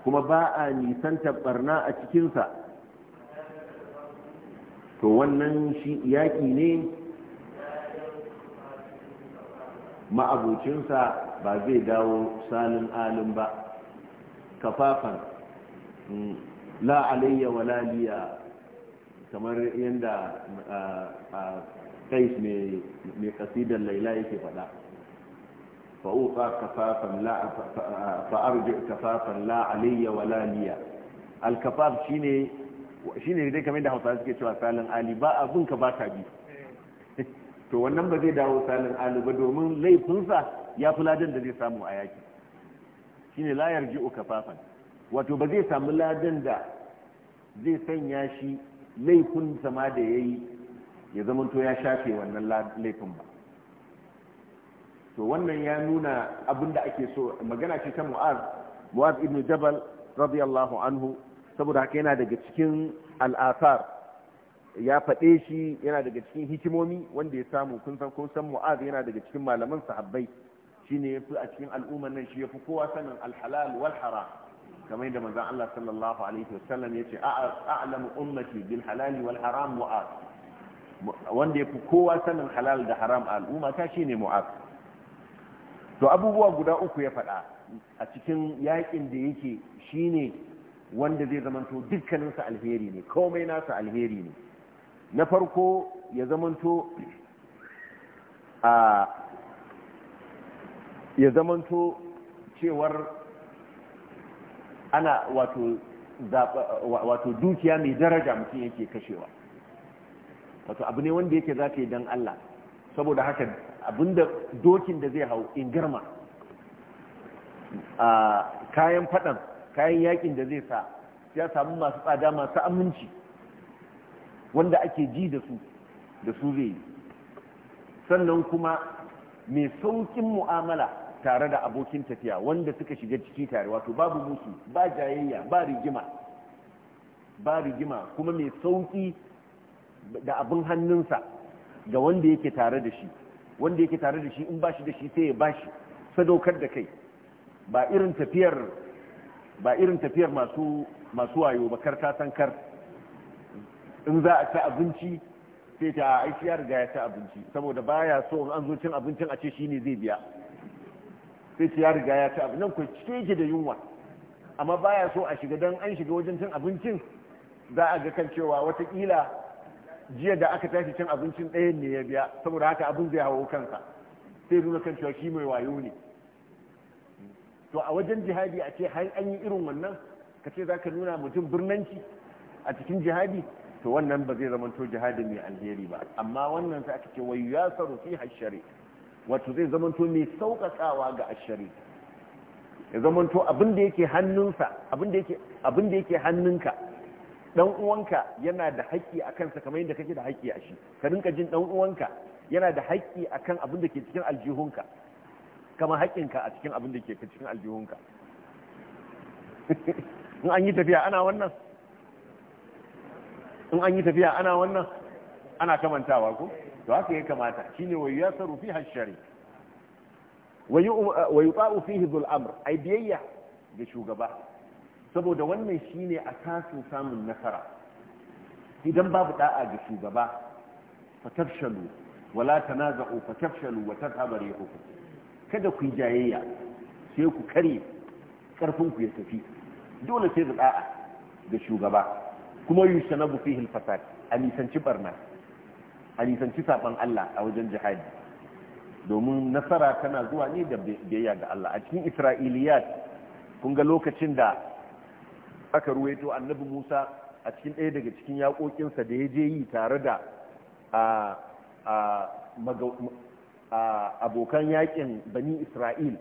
kuma ba a nisanta barna a cikinsa to wannan shi yaƙi ne ma'abucinsa ba zai dawo salin alin ba kafafan mm, la alayya wala liya kamar yadda kais mai kasidar laila yake faɗa fa'uka kafafan la fa'arji kafafan la alayya wala liya alkafaf shine shine dai kamar da hausa suke cewa salin ali ba abun ka baka bi (laughs) to wannan ba zai dawo salin ali ba domin laifinsa ya fi ladan da zai samu a yaki shine layar ji'o kafafan wato ba zai samu ladan da zai sanya shi laifin sama da ya yi ya zamanto ya shafe wannan laifin ba to wannan ya nuna abin da ake so magana ce ta mu'az mu'az ibn jabal radiyallahu anhu saboda haka yana daga cikin al'asar ya faɗe shi yana daga cikin hikimomi wanda ya samu kun kun san mu'az yana daga cikin malaman sahabbai shine yafi a cikin al'ummar nan shi yafi kowa sanin alhalal wal haram kamar yadda manzon Allah sallallahu alaihi wasallam yace a'lamu ummati bil halal wal haram mu'az wanda yafi kowa sanin halal da haram a al'umma ta shine mu'az to abubuwa guda uku ya faɗa a cikin yakin da yake shine wanda zai zamanto dukkaninsa alheri ne komai nasa alheri ne na farko ya zamanto a ya zamanto cewar ana wato dukiya mai daraja mutum yake kashewa wato abu ne wanda yake za ka yi don Allah saboda haka abinda dokin da zai hau in girma a kayan fadan kayan yakin da zai sa ya samu masu tsada masu aminci wanda ake ji da su da su zai yi sannan kuma mai saukin mu'amala tare da abokin tafiya wanda suka shiga ciki tare wato babu musu ba jayayya ba rigima ba rigima kuma mai sauki da abin hannunsa ga wanda yake tare da shi wanda yake tare da shi in ba shi da shi sai ya ba shi sadaukar da kai ba irin tafiyar ba irin tafiyar masu masu wayo ba kar ta san kar in za a ci abinci sai ta aiki ya riga ya ci abinci saboda baya so an zo cin abincin a ce shine zai biya sai ta ya riga ya ci abu nan ko cike yake da yunwa amma baya so a shiga don an shiga wajen cin abincin za a ga kan cewa watakila jiya da aka tashi cin abincin ɗayan ne ya biya saboda haka abin zai hawo kansa sai nuna kan cewa shi mai wayo ne to a wajen jihadi a ce har an yi irin wannan ka ce za ka nuna mutum birnanci a cikin jihadi to wannan ba zai zama to jihadi mai alheri ba amma wannan sai aka ce wai ya saru fi hashari wato zai zamanto mai sauƙaƙawa ga ashari ya zamanto abin da yake hannunsa abin da yake hannunka Ɗan uwanka yana da haƙƙi a kansa kamar yadda kake da haƙƙi a shi ka rinka jin ɗan uwanka yana da haƙƙi a kan abin da ke cikin aljihunka kamar haƙƙinka a cikin abin da ke cikin aljihunka (laughs) in an yi tafiya ana wannan in an yi tafiya ana wannan ana kamantawa ko to haka ya kamata shine wa yasaru fi hashari wa yuta'u fihi dhul amr ai biyayya ga shugaba saboda wannan shine asasin samun nasara idan babu da'a ga shugaba tafshalu wala tanaza'u fatafshalu wa tadhhabu rihukum kada ku jayayya sai ku kare karfin ku ya tafi dole sai da da'a ga shugaba kuma yushanabu fihi al-fasad a nisanci barna a nisanci saban Allah a wajen jihadi domin nasara tana zuwa ne da biyayya ga Allah a cikin Isra'iliyat kun ga lokacin da aka ruwaito annabi Musa a cikin ɗaya daga cikin yaƙoƙinsa da ya je yi tare da abokan yaƙin bani Isra'il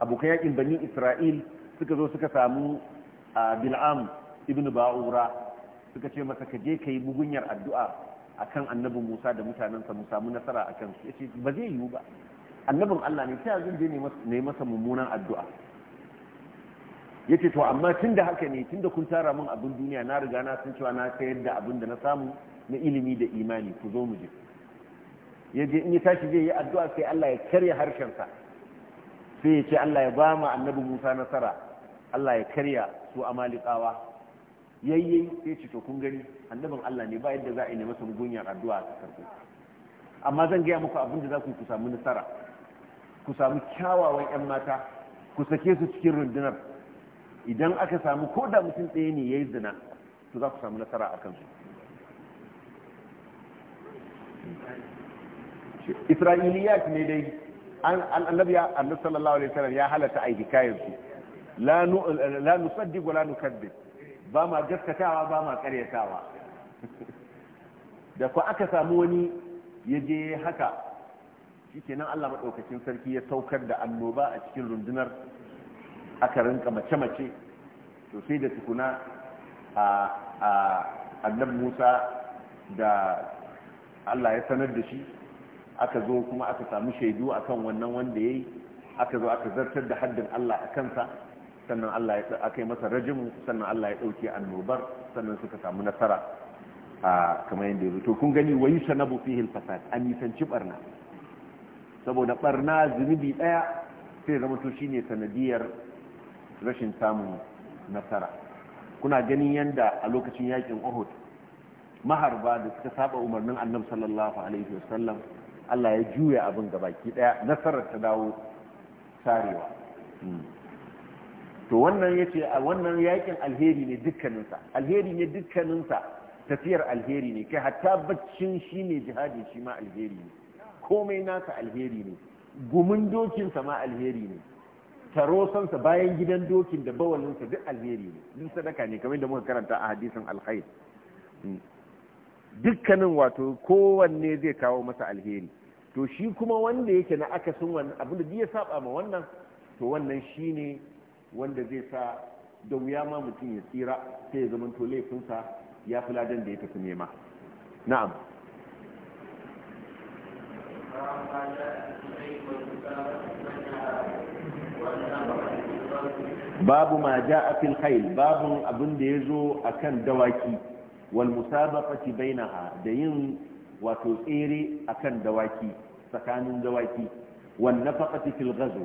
abokan yaƙin bani Isra'il suka zo suka samu Bil'am ibn Ba'ura suka ce masa ka je ka yi mugunyar addu'a akan annabi Musa da mutanensa mu samu nasara akan su yace ba zai yiwu ba annabin Allah ne ta zan ne masa mummunan addu'a yace to amma tunda haka ne tunda kun tara mun abin duniya na riga na sun cewa na sayar da abin da na samu na ilimi da imani ku zo mu je yaje in ya tashi zai yi addu'a sai Allah ya karya harshen sa sai ya ce Allah ya ba mu annabi Musa nasara Allah ya karya su amalikawa yayyai sai ce to kun gani annabin Allah ne ba yadda za a yi ne masa gunya addu'a a karfi amma zan gaya muku abin da za ku ku samu nasara ku samu kyawawan yan mata ku sake su cikin rundunar idan aka samu ko da mutum ɗaya ne yayi zina to za ku samu nasara a kansu isra'iliya ne dai annabi annabi sallallahu alaihi wasallam ya halatta aiki kayan su la nu la nusaddiq wa la nukadzib ba ma gaskatawa ba ma karyatawa da ku aka samu wani ya je haka kenan Allah maɗaukacin sarki ya saukar da annoba a cikin rundunar aka rinka mace-mace to sai da tukuna a annab Musa da Allah ya sanar da shi aka zo kuma aka samu shaidu akan wannan wanda yayi aka zo aka zartar da haddin Allah a kansa sannan Allah ya aka yi masa rajimu sannan Allah ya dauke annobar sannan suka samu nasara a kamar yadda ya to kun gani wayu sanabu fihi fasad an nisanci barna saboda barna zunubi daya sai zama to shine sanadiyar rashin samun nasara kuna ganin yanda a lokacin yakin Uhud maharba da suka saba umarnin Annabi sallallahu alaihi wasallam Allah ya juya abin gabaki daya nasarar ta dawo sarewa hmm. to wannan yace wannan yakin alheri ne dukkaninsa alheri ne dukkaninsa tafiyar alheri ne kai hatta baccin shi ne jihadi shi ma alheri ne komai nasa alheri ne gumin dokinsa ma alheri ne tarosansa bayan gidan dokin da bawalinsa duk alheri ne duk sadaka ne kamar da muka karanta a hadisin alkhair hmm. dukkanin wato kowanne zai kawo masa alheri to shi kuma wanda yake na akasin wannan abu da ya saba ma wannan to wannan shine wanda zai sa da wuya ma mutum ya tsira sai ya zama to laifinsa ya fi ladan da ya tafi nema na'am babu ma ja'a fil khayl babu abin da ya yazo akan dawaki wal musabaqati bainaha da yin wato tsere akan dawaki tsakanin dawaki wal nafaqati fil ghazw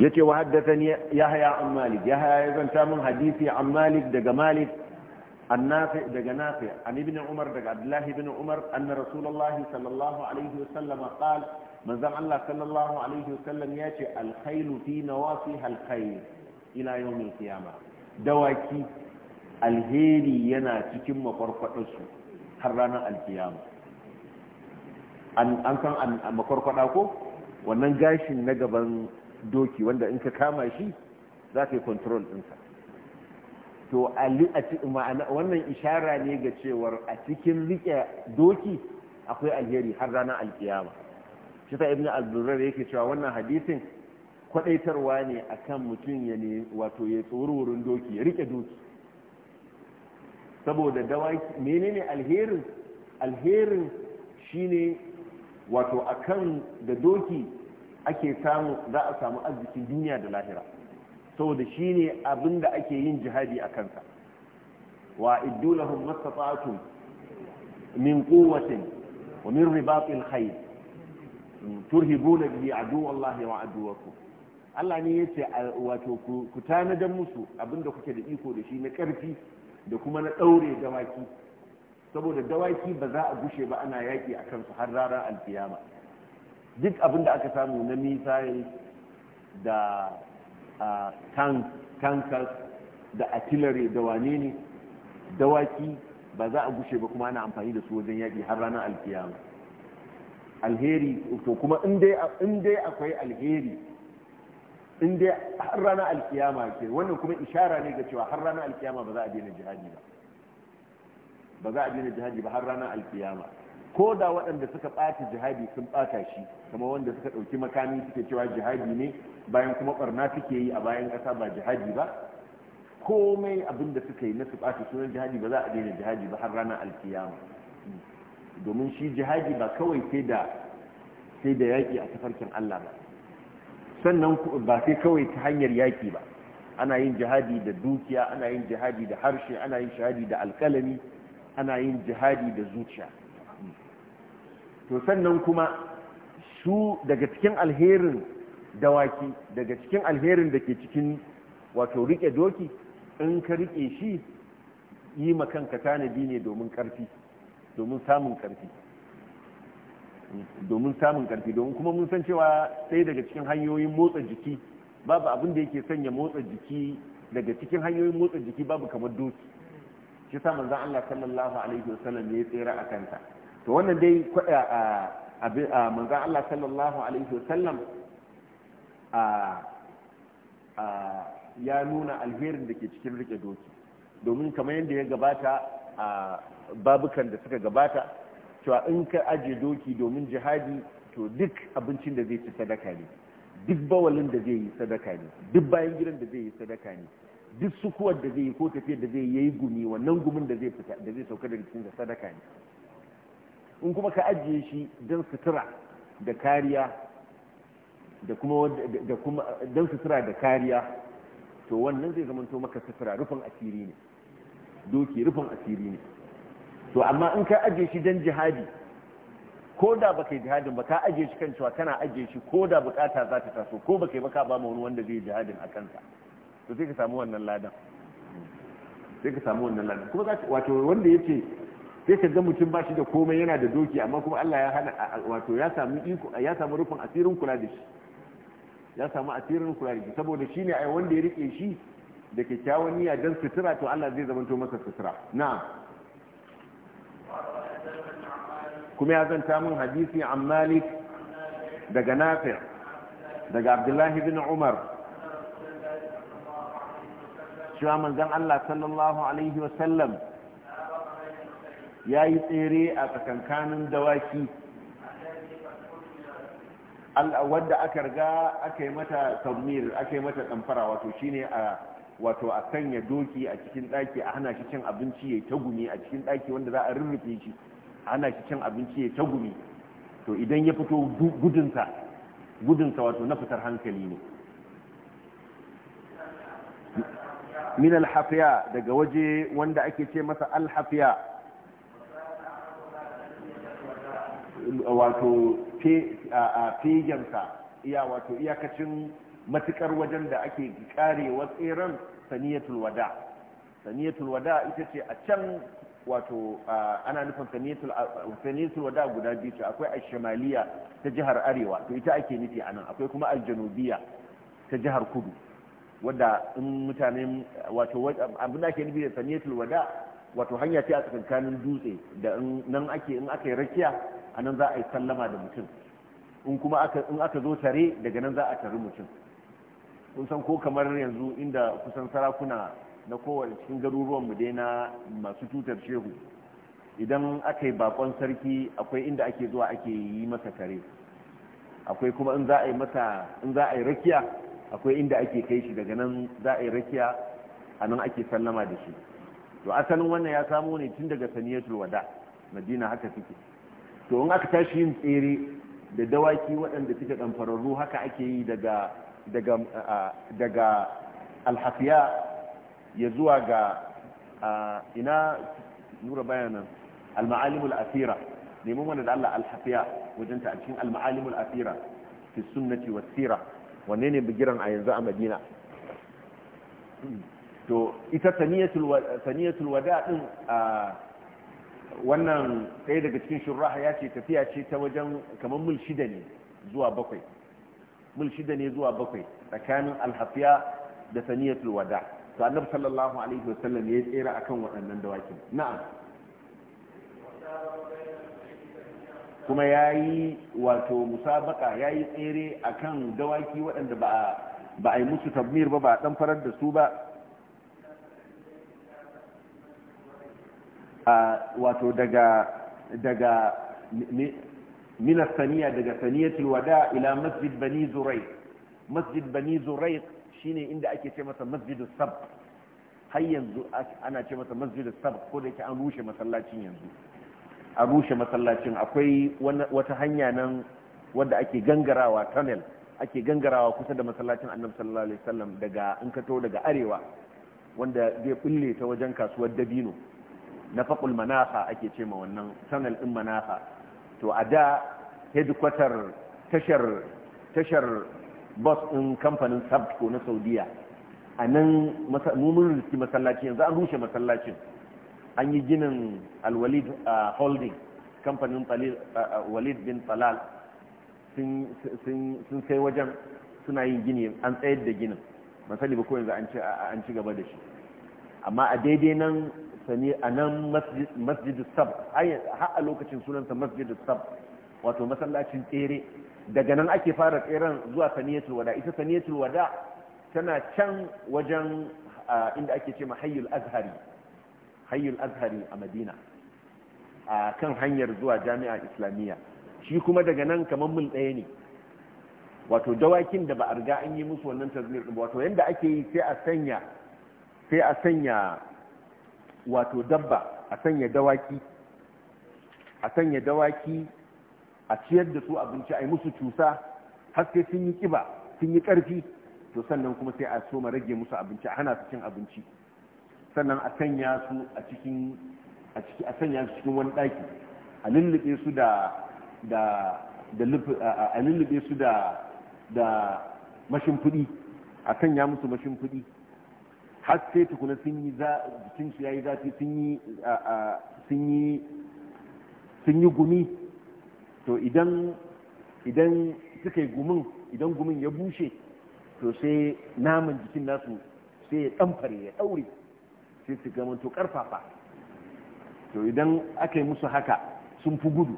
yace wa haddathani yahya an malik yahya ya zanta min hadisi an malik daga malik an nafi daga nafi an ibn umar daga abdullah ibn umar anna rasulullah sallallahu alaihi wa wasallam qala manzon Allah sallallahu alaihi wa sallam yace al khayl fi nawasiha al khayl ila yawm al qiyamah dawaki alheri yana cikin makwarkwadarsu har ranar alkiyama an san makwarkwada ko wannan gashin na gaban doki wanda in ka kama shi za ka yi control ɗinsa to wannan ishara ne ga cewar a cikin riƙe doki akwai alheri har ranar alkiyama shi ta ibn al yake cewa wannan hadisin kwadaitarwa ne akan mutum ya ne wato ya wurin doki ya riƙe doki saboda dawaki menene alherin alherin shine wato akan da doki ake samu za a samu arzikin duniya da lahira saboda shine abin da ake yin jihadi a kansa wa iddu lahum mastata'tum min quwwatin wa min ribatil khayr turhibuna bihi aduwallahi wa aduwakum Allah ne ce wato ku tanadan musu abinda kuke da iko da shi na karfi da kuma na daure dawaki saboda dawaki ba za a gushe ba ana yaki a kansu har ranar alfiyama. duk abin da aka samu na misail da tankas da artillery da wane ne dawaki ba za a gushe ba kuma ana amfani da su wajen yaƙi har ranar alkiyama alheri to kuma in dai akwai alheri in dai har ranar alkiyama ke wannan kuma ishara ne ga cewa har ranar alkiyama ba za a daina jihadi ba ba za a daina jihadi ba har ranar alkiyama ko da waɗanda suka ɓata jihadi sun ɓata shi kuma wanda suka ɗauki makami suke cewa jihadi ne bayan kuma ɓarna suke yi a bayan ƙasa ba jihadi ba komai abin da suka yi na su ɓata sunan jihadi ba za a daina jihadi ba har ranar alkiyama domin shi jihadi ba kawai sai da sai da yaƙi a tafarkin Allah ba sannan ba sai kawai ta hanyar yaƙi ba ana yin jihadi da dukiya ana yin jihadi da harshe ana yin jihadi da alƙalami ana yin jihadi da zuciya to sannan kuma su daga cikin alherin dawaki daga cikin alherin da ke cikin wato rike doki in ka rike shi yi makanka tanadi ne domin karfi domin samun karfi domin samun karfi domin kuma mun san cewa sai daga cikin hanyoyin motsa jiki babu abin da yake sanya motsa jiki daga cikin hanyoyin motsa jiki babu kamar doki shi sa manzon Allah sallallahu alaihi wasallam ne ya tsira a kanta to wannan dai a manzan Allah sallallahu alaihi wasallam ya nuna alherin da ke cikin rike doki domin kamar yadda ya gabata a babukan da suka gabata cewa in ka ajiye doki domin jihadi to duk abincin da zai ci sadaka ne duk bawalin da zai yi sadaka ne duk bayan gidan da zai yi sadaka ne duk sukuwar da zai yi ko tafiyar da zai yi gumi wannan gumin da zai sauka daga cikin sadaka ne in kuma ka ajiye shi don sutura da kariya da kuma don sutura da kariya to wannan zai zama to maka sutura rufin asiri ne doki rufin asiri ne to amma in ka ajiye shi don jihadi ko da ka yi jihadin ba ka ajiye shi kan cewa kana ajiye shi ko da bukata za ta taso ko ka yi baka ba wani wanda zai yi jihadin a kansa to sai ka samu wannan ladan sai ka samu wannan ladan kuma wato wanda ya ce sai ka ga mutum bashi da komai yana da doki amma kuma Allah ya hana wato ya samu iko ya samu rufin asirin kula da shi ya samu asirin kula da shi saboda shine ai wanda ya rike shi da kyakkyawan niyya dan sutura to Allah zai zamanto masa sutura na'am kuma ya zanta mun hadisi an Malik daga Nafi daga Abdullah ibn Umar cewa manzon Allah sallallahu alaihi wa sallam ya yi tsere a tsakankanin dawaki wadda aka riga aka yi mata tamir aka yi mata tsamfara wato shi a wato a sanya doki a cikin daki a hana shi cin abinci ya ta gumi a cikin daki wanda za a rurrufe shi a hana shi cin abinci ya ta gumi to idan ya fito gudunsa gudunsa wato na fitar hankali ne min alhafiya daga waje wanda ake ce masa alhafiya wato fegensa iya wato iyakacin matukar wajen da ake karewa tseren saniyatul wada saniyatul wada ita ce a can wato ana nufin saniyatul wada guda biyu ce akwai ashimaliya ta jihar arewa to ita ake nufi a nan akwai kuma aljanubiya ta jihar kudu wadda in mutane wato abin da ake nufi da saniyatul wada wato hanya ce a tsakankanin dutse da nan ake in aka yi rakiya a nan za a yi sallama da mutum in kuma aka zo tare daga nan za a tare mutum kun san ko kamar yanzu inda kusan sarakuna na kowane cikin garuruwan mu dai na masu tutar shehu idan aka yi bakon sarki akwai inda ake zuwa ake yi masa tare akwai kuma in za a yi masa in za a yi rakiya akwai inda ake kai shi daga nan za a yi rakiya a nan ake sallama da shi to asalin wannan ya samo ne tun daga saniyatul wada madina haka suke to in aka tashi yin tsere da dawaki waɗanda suke fararru haka ake yi daga daga daga alhafiya ya zuwa ga ina nura bayanan al-ma'alimul asira neman wanda da Allah alhafiya wajen ta a cikin al-ma'alimul asira fi sunnati sira wanne ne bigiran a yanzu a Madina to ita saniyatul saniyatul wada din wannan ɗaya daga cikin shurraha ya ce tafiya ce ta wajen kamar mil shida ne zuwa bakwai mil shida ne zuwa bakwai tsakanin alhafiya da saniyatul wada to annabu sallallahu alaihi wasallam ya a akan waɗannan dawakin na'am kuma ya yi wato musabaka ya yi tsere akan dawaki waɗanda ba a yi musu tabmir ba ba a ɗan farar da su ba wato daga daga saniya daga saniyatul wada ila masjid bani zurayq masjid bani zurayq shine inda ake ce masa masjidus sab har yanzu ana ce masa masjidus sab ko da yake an rushe masallacin yanzu a rushe masallacin akwai wata hanya nan wadda ake gangarawa tunnel ake gangarawa kusa da masallacin annabi sallallahu alaihi wasallam daga in ka to daga arewa wanda zai bulle ta wajen kasuwar dabino na faƙul manaha ake ce ma wannan channel ɗin manaha to a da headquarter tashar tashar bus ɗin kamfanin sabko na saudiya a nan mummun riski masallaci yanzu an rushe masallacin an yi ginin alwalid holding kamfanin walid bin Falal, sun sai wajen suna yin gini an tsayar da ginin masali ba ko yanzu an ci gaba da shi amma a daidai nan sani a nan masjidu sab har a lokacin sunansa masjidu sab wato masallacin tsere daga nan ake fara tseren zuwa saniyatul wada ita saniyatul wada tana can wajen inda ake ce hayyul azhari hayyul azhari a madina a kan hanyar zuwa jami'a islamiyya shi kuma daga nan kamar mul ɗaya ne wato dawakin da ba a riga an yi musu wannan tazmir wato yadda ake yi sai a sanya sai a sanya wato dabba a sanya dawaki a sanya dawaki a ciyar da su abinci a yi musu cusa har sai sun yi kiba sun yi karfi to sannan kuma sai a soma rage musu abinci a hana su cin abinci sannan a sanya su a cikin a ciki a sanya su cikin wani daki a lullube su da da da a lullube su da da mashimfidi a sanya musu mashin fudi. har sai tukuna sun yi za jikin su yayi zafi sun yi gumi to idan idan suka yi gumin idan gumin ya bushe to sai naman jikin nasu sai ya ɗanfare ya ɗaure sai su gama to ƙarfafa to idan aka yi musu haka sun fi gudu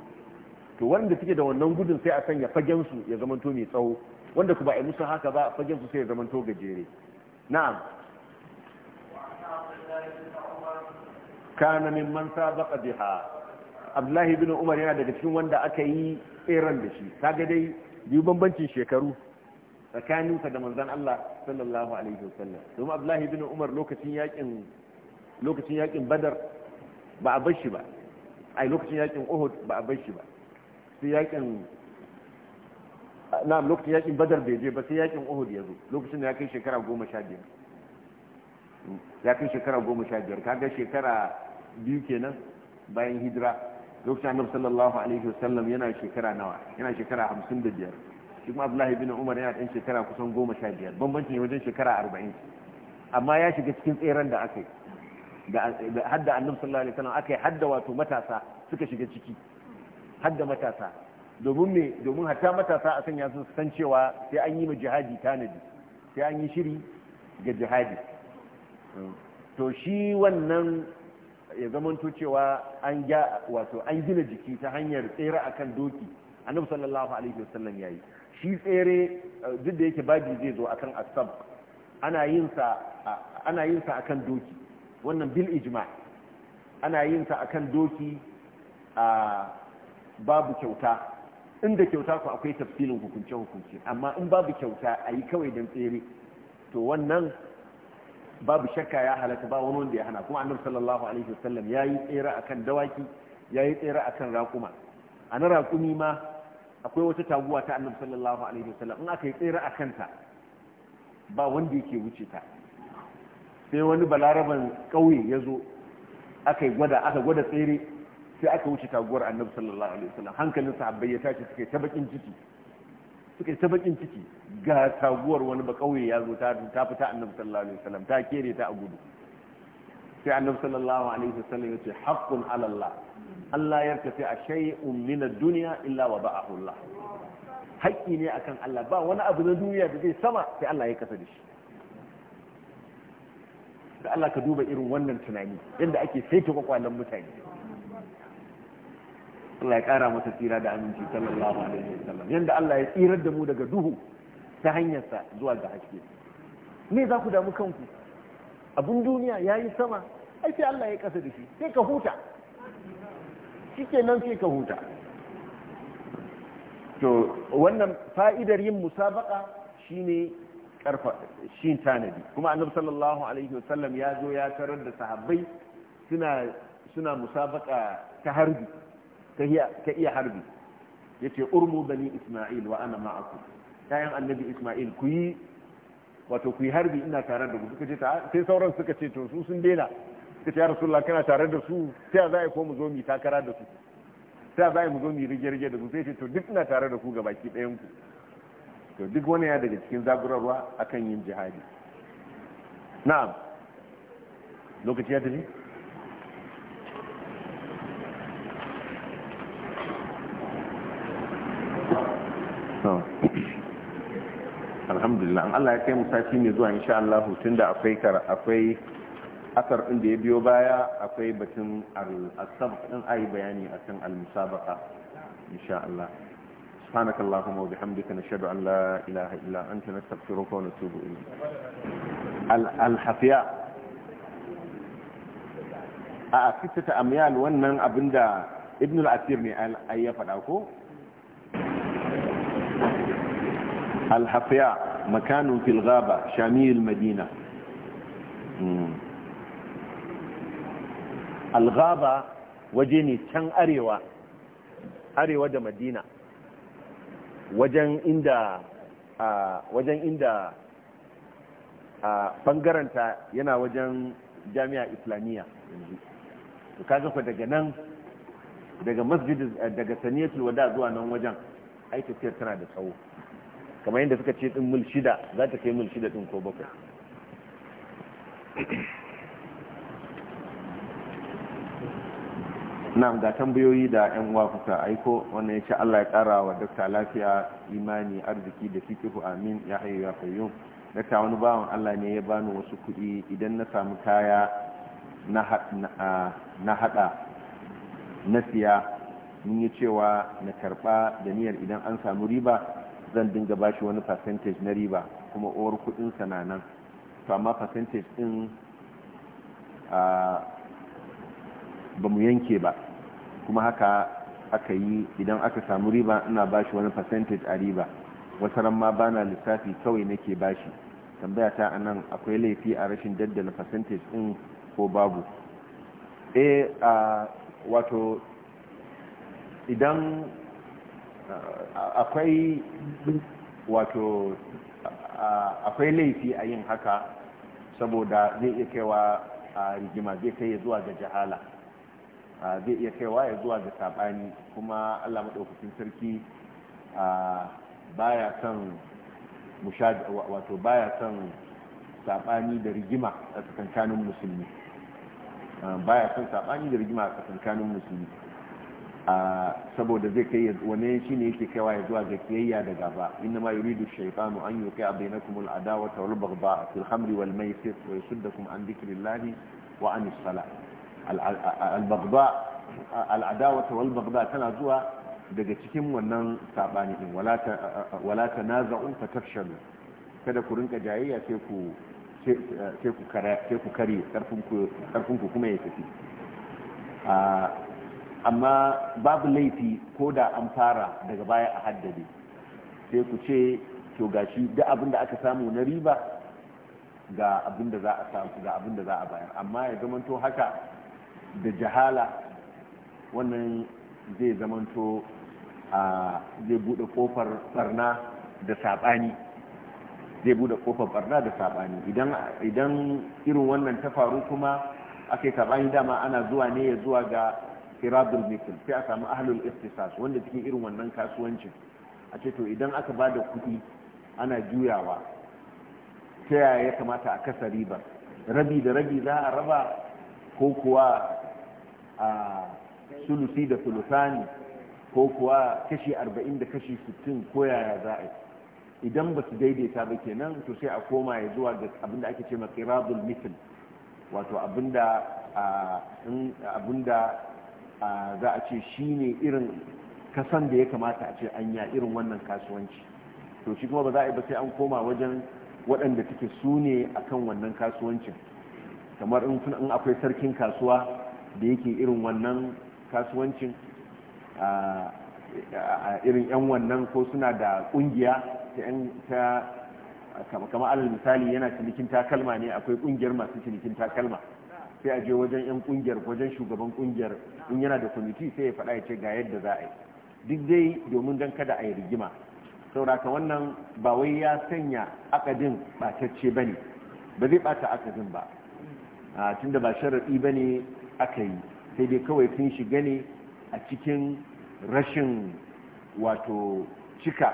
to wanda suke da wannan gudun sai a sanya su ya zamanto mai tsawo wanda ku ba a yi musu haka ba su sai ya zamanto gajere na'am kana min man sabaqa biha abdullahi ibn umar yana daga cikin wanda aka yi tseren da shi kaga dai biyu bambancin shekaru tsakanin sa da manzon Allah sallallahu alaihi wasallam domin abdullahi ibn umar lokacin yakin lokacin yakin badar ba a bar shi ba ai lokacin yakin uhud ba a bar shi ba sai yakin na lokacin yakin badar bai je ba sai yakin uhud ya zo lokacin da ya kai shekara goma sha biyar ya kai shekara goma sha biyar kaga shekara biyu kenan bayan hijira lokacin annabi sallallahu alaihi wasallam yana shekara nawa yana shekara hamsin da biyar shi kuma abdullahi bin umar yana ɗan shekara kusan goma sha biyar bambancin wajen shekara arba'in amma ya shiga cikin tseren da aka yi da hadda annabi sallallahu alaihi wasallam aka yi hadda wato matasa suka shiga ciki hadda matasa domin me domin hatta matasa a sanya su san cewa sai an yi ma jihadi tanadi sai an yi shiri ga jihadi to shi wannan ya zamanto cewa an ga wato an gina jiki ta hanyar tsere akan doki annabi sallallahu alaihi wasallam yayi shi tsere eh, duk da yake babu zai zo akan asab ana yin sa ana yin sa akan doki wannan bil ijma ana yin sa akan doki a babu kyauta inda kyauta ku akwai tafsilin hukunce hukunce amma in babu kyauta ayi kawai dan tsere to wannan babu shakka ya halaka ba wani wanda ya hana kuma annabi sallallahu alaihi wasallam ya yi akan dawaki yayi yi akan raƙuma a na raƙumi ma akwai wata taguwa ta annabi sallallahu alaihi wasallam in aka yi tsera a kanta ba wanda yake wuce ta sai wani balaraban ƙauye ya zo aka gwada aka gwada tsere sai aka wuce taguwar annabi sallallahu alaihi wasallam hankalin sahabbai ya tashi suke ta bakin ciki suka ta bakin ciki ga taguwar wani ba kauye ya zo ta ta fita annabi sallallahu alaihi wasallam ta kere ta a gudu sai annabi sallallahu alaihi wasallam yace haqqun ala Allah Allah ya tafi a shay'un min ad-dunya illa wa ba'ahu Allah haƙƙi ne akan Allah ba wani abu na duniya da zai sama sai Allah ya kasa da shi da Allah ka duba irin wannan tunani yadda ake saita kwakwalen mutane Allah ya kara masa tsira da aminci sallallahu alaihi wasallam yanda Allah ya tsirar da mu daga duhu ta hanyarsa zuwa ga haske me za ku damu kanku abun duniya ya yi sama ai sai Allah ya kasa da shi sai ka huta nan sai ka huta to wannan fa'idar yin musabaka shine karfa shi tanadi kuma annabi sallallahu alaihi wasallam ya zo ya tarar da sahabbai suna suna musabaka ta harbi ka iya harbi ya ce urmu bani isma'il wa ana ma'aku kayan annabi isma'il ku yi wato ku yi harbi ina tare da ku suka ce sai sauran suka ce to su sun dena suka ce ya rasulullah kana tare da su sai za a ko mu zo mu takara da su sai za a mu zo mu rige-rige da su sai ce to duk ina tare da ku ga baki ɗayan ku to duk wani ya daga cikin zaburarwa akan yin jihadi na'am lokaci ya tafi alhamdulillah an Allah ya kai mu sati ne zuwa insha Allah tun da akwai kar akwai asar din da ya biyo baya akwai batun al-asab din ayi bayani akan al-musabaqa insha Allah سبحانك اللهم وبحمدك نشهد illa لا اله الا انت نستغفرك ونتوب اليك الحفياء ا كتت اميال wannan abinda ibn al-athir ne ayya fada ko al-hafiya مكان في الغابة شامي المدينة الغابة وجيني تن أريوة أريوة دا مدينة وجن إندا وجن إندا ɓangaranta yana wajen jami'a islamiyya to kaga ku daga daga masjid daga saniyatul wada zuwa nan wajen ai tana da tsawo kamar yadda suka ce din mil shida za ta kai mil shida din ko bakwai na ga tambayoyi da yan uwa kuka aiko wannan yace Allah ya kara wa dakta lafiya imani arziki da fikihu amin ya hayyu ya qayyum ta wani bawon Allah ne ya bani wasu kuɗi idan na samu kaya na hada na siya mun yi cewa na karba da niyyar idan an samu riba zan dinga ba shi wani percentage na riba kuma uwar kudin sananan to amma percentage din ba mu yanke ba kuma haka aka yi idan aka samu riba ina ba shi wani percentage a riba wasu ran ma ba na lissafi kawai nake ba shi tambaya ta a nan akwai laifi a rashin daddala percentage din ko babu eh, a wato idan akwai wato akwai laifi a yin haka saboda zai iya kaiwa a rigima zai kai ya zuwa ga jahala zai iya kaiwa ya zuwa ga sabani kuma allah maɗaukacin sarki baya son wato baya son saɓani da rigima a tsakankanin musulmi baya son sabani da rigima a tsakankanin musulmi saboda zai kai wannan shine yake kaiwa ya zuwa ga kiyayya da gaba inna ma yuridu shaytanu an yuqi'a bainakum al-adawata wal baghdha fil khamri wal maisir wa yasuddakum an dhikrillahi wa an as-salah al-baghdha al-adawata wal tana zuwa daga cikin wannan sabani din wala ta wala kada ku rinka jayayya sai ku sai ku kare sai ku kare karfin ku karfin ku kuma ya tafi amma babu laifi ko da an fara daga baya a haddade sai ku ce to gashi duk abin da aka samu na riba ga abin da za a samu ga abin da za a bayar amma ya zamanto haka da jahala wannan zai zamanto a zai bude kofar barna da sabani zai bude kofar barna da sabani idan idan irin wannan ta faru kuma ake sabani dama ana zuwa ne ya zuwa ga iradul mikil sai a samu ahlul istisas wanda cikin irin wannan kasuwancin a ce to idan aka bada da kuɗi ana juyawa ta yaya ya kamata a kasa riba rabi da rabi za a raba ko kuwa a sulusi da sulusani ko kuwa kashi arba'in da kashi 60 ko yaya za a yi idan ba su daidaita ba kenan to sai a koma ya zuwa ga abin da ake ce makiradul mithl wato abinda abinda za a ce shi ne irin kasan da ya kamata a ce an ya irin wannan kasuwanci to shi kuma ba za a yi ba sai an koma wajen waɗanda take su ne a kan wannan kasuwancin kamar in akwai sarkin kasuwa da yake irin wannan kasuwancin a irin 'yan wannan ko suna da ƙungiya ta kama alal misali yana cinikin takalma ne akwai ƙungiyar masu cinikin takalma sai a je wajen yan kungiyar wajen shugaban kungiyar in yana da kwamiti sai ya faɗa ya ce ga yadda za a yi duk dai domin don kada a yi rigima sauraka wannan ba wai ya sanya akadin ɓatacce ba ne ba zai ɓata akadin ba tunda ba sharaɗi ba ne aka yi sai dai kawai sun shiga ne a cikin rashin wato cika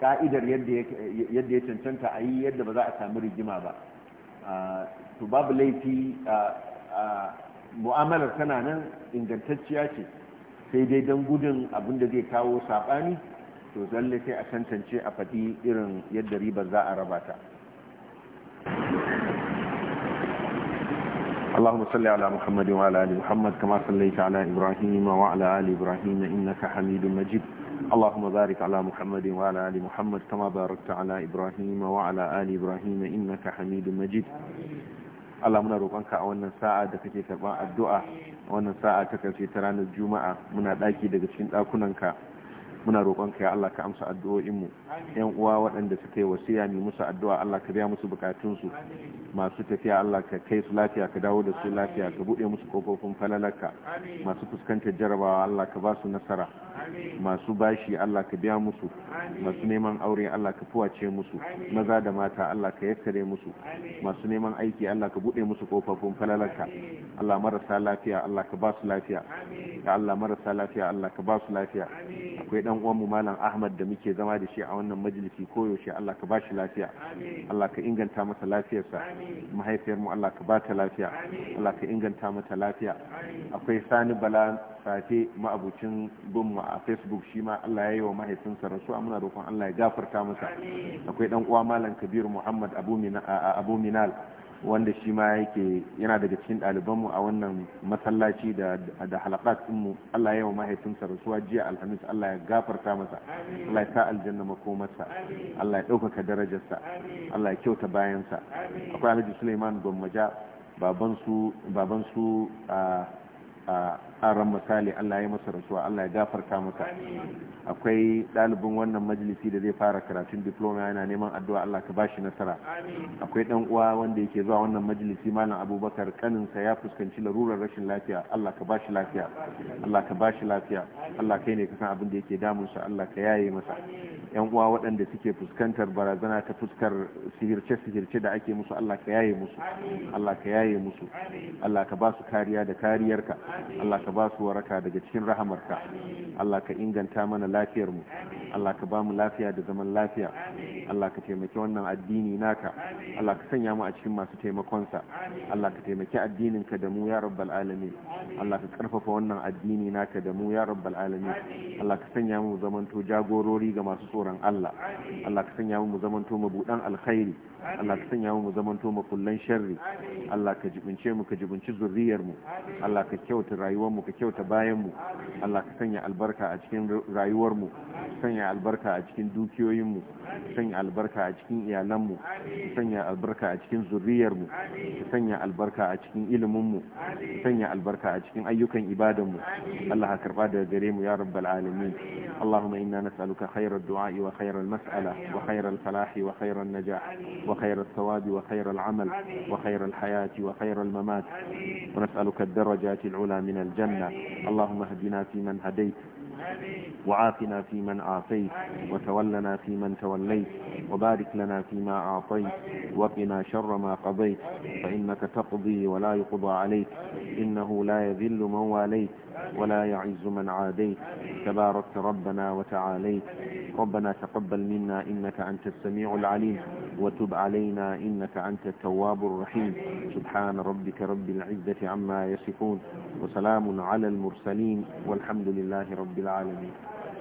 ka'idar yadda ya cancanta a yi yadda ba za a sami rigima ba to babu laifi mu'amalar tana nan ingantacciya ce sai dai don gudun abin da zai kawo saɓani to zalle sai a tantance a faɗi irin yadda ribar za a raba ta اللهم صل على محمد وعلى آل محمد كما صليت على إبراهيم وعلى آل إبراهيم إنك حميد مجيد اللهم بارك على محمد وعلى آل محمد كما باركت على إبراهيم وعلى آل إبراهيم إنك حميد مجيد Allah muna roƙonka a wannan sa'a da kake karɓar addu'a a wannan sa'a ta ƙarshe ta ranar juma'a muna ɗaki daga cikin ɗakunanka muna roƙonka ya Allah ka amsa addu'o'inmu yan uwa waɗanda suka yi wasiya ne musu addu'a Allah ka biya musu bukatunsu masu tafiya Allah ka kai su lafiya ka dawo da su lafiya ka buɗe musu kofofin falalarka masu fuskantar jarabawa Allah ka ba su nasara masu bashi Allah ka biya musu masu neman aure Allah ka fuwace musu maza da mata Allah ka yassare musu masu neman aiki Allah ka buɗe musu kofofin falalarka Allah marasa lafiya Allah ka ba su lafiya ya Allah marasa lafiya Allah ka ba su lafiya akwai dan uwan mu malam Ahmad da muke zama da shi a wannan majalisi koyaushe Allah ka bashi lafiya Allah ka inganta masa lafiyarsa mahaifiyar mu Allah ka ba ta lafiya Allah ka inganta mata lafiya akwai Sani Bala safe ma'abucin bin a Facebook shi ma Allah ya yi wa mahaifinsa rasu a muna roƙon Allah ya gafarta masa akwai dan uwa malam kabiru Muhammad Abu Minal wanda shi ma yake yana daga cikin ɗalibanmu a wannan masallaci da da halakat mu Allah ya yi wa mahaifinsa rasuwa jiya alhamis Allah ya gafarta masa Allah ya sa aljanna makomarsa Allah ya ɗaukaka darajarsa Allah ya kyauta bayansa akwai Alhaji Suleiman Gwammaja baban su baban su ah, A ran misali Allah ya masa rasuwa Allah ya gafarta maka. akwai ɗalibin wannan majalisi da zai fara karatun diploma yana neman addu'a Allah ka bashi nasara akwai ɗan uwa wanda yake zuwa wannan majalisi malam Abubakar kaninsa ya fuskanci larurar rashin lafiya Allah ka bashi lafiya Allah ka bashi lafiya Allah kai ne ka san abin da yake damun sa Allah ka yaye masa yan uwa waɗanda suke fuskantar barazana ta fuskar sihirce sihirce da ake musu Allah ka yaye musu Allah ka yaye musu Allah ka ba su kariya da kariyarka Allah ka ba su waraka daga cikin rahamarka Allah ka inganta mana lafiyar mu Allah ka ba mu lafiya da zaman lafiya Allah ka taimaki wannan addini naka Allah ka sanya mu a cikin masu taimakonsa Allah ka taimaki addinin ka da mu ya rabbal alamin Allah ka karfafa wannan addini naka da mu ya rabbal alamin Allah ka sanya mu zamanto jagorori ga masu tsoron Allah Allah ka sanya mu zamanto mabudan alkhairi Allah ka sanya mu zamanto makullan sharri Allah ka jibince mu ka jibinci zurriyar mu Allah ka kyauta rayuwar mu ka kyauta bayan mu Allah ka sanya albarka a cikin rayuwar mu sanya albarka a cikin dukiyoyin mu sanya albarka a cikin iyalan mu sanya albarka a cikin zurriyar mu sanya albarka a cikin ilimin mu sanya albarka a cikin ayyukan ibadan mu Allah ka karba daga gare mu ya rabbal alamin Allahumma inna nas'aluka khayra ad-du'a wa khayra al-mas'ala wa khayra al-falah wa khayra an-najah وخير الثواب وخير العمل وخير الحياة وخير الممات ونسألك الدرجات العلى من الجنة اللهم اهدنا فيمن هديت وعافنا فيمن عافيت وتولنا فيمن توليت وبارك لنا فيما أعطيت وقنا شر ما قضيت فإنك تقضي ولا يقضى عليك إنه لا يذل من واليت ولا يعز من عاديت تباركت ربنا وتعاليت ربنا تقبل منا إنك أنت السميع العليم وتب علينا إنك أنت التواب الرحيم سبحان ربك رب العزة عما يصفون وسلام على المرسلين والحمد لله رب العالمين العالمين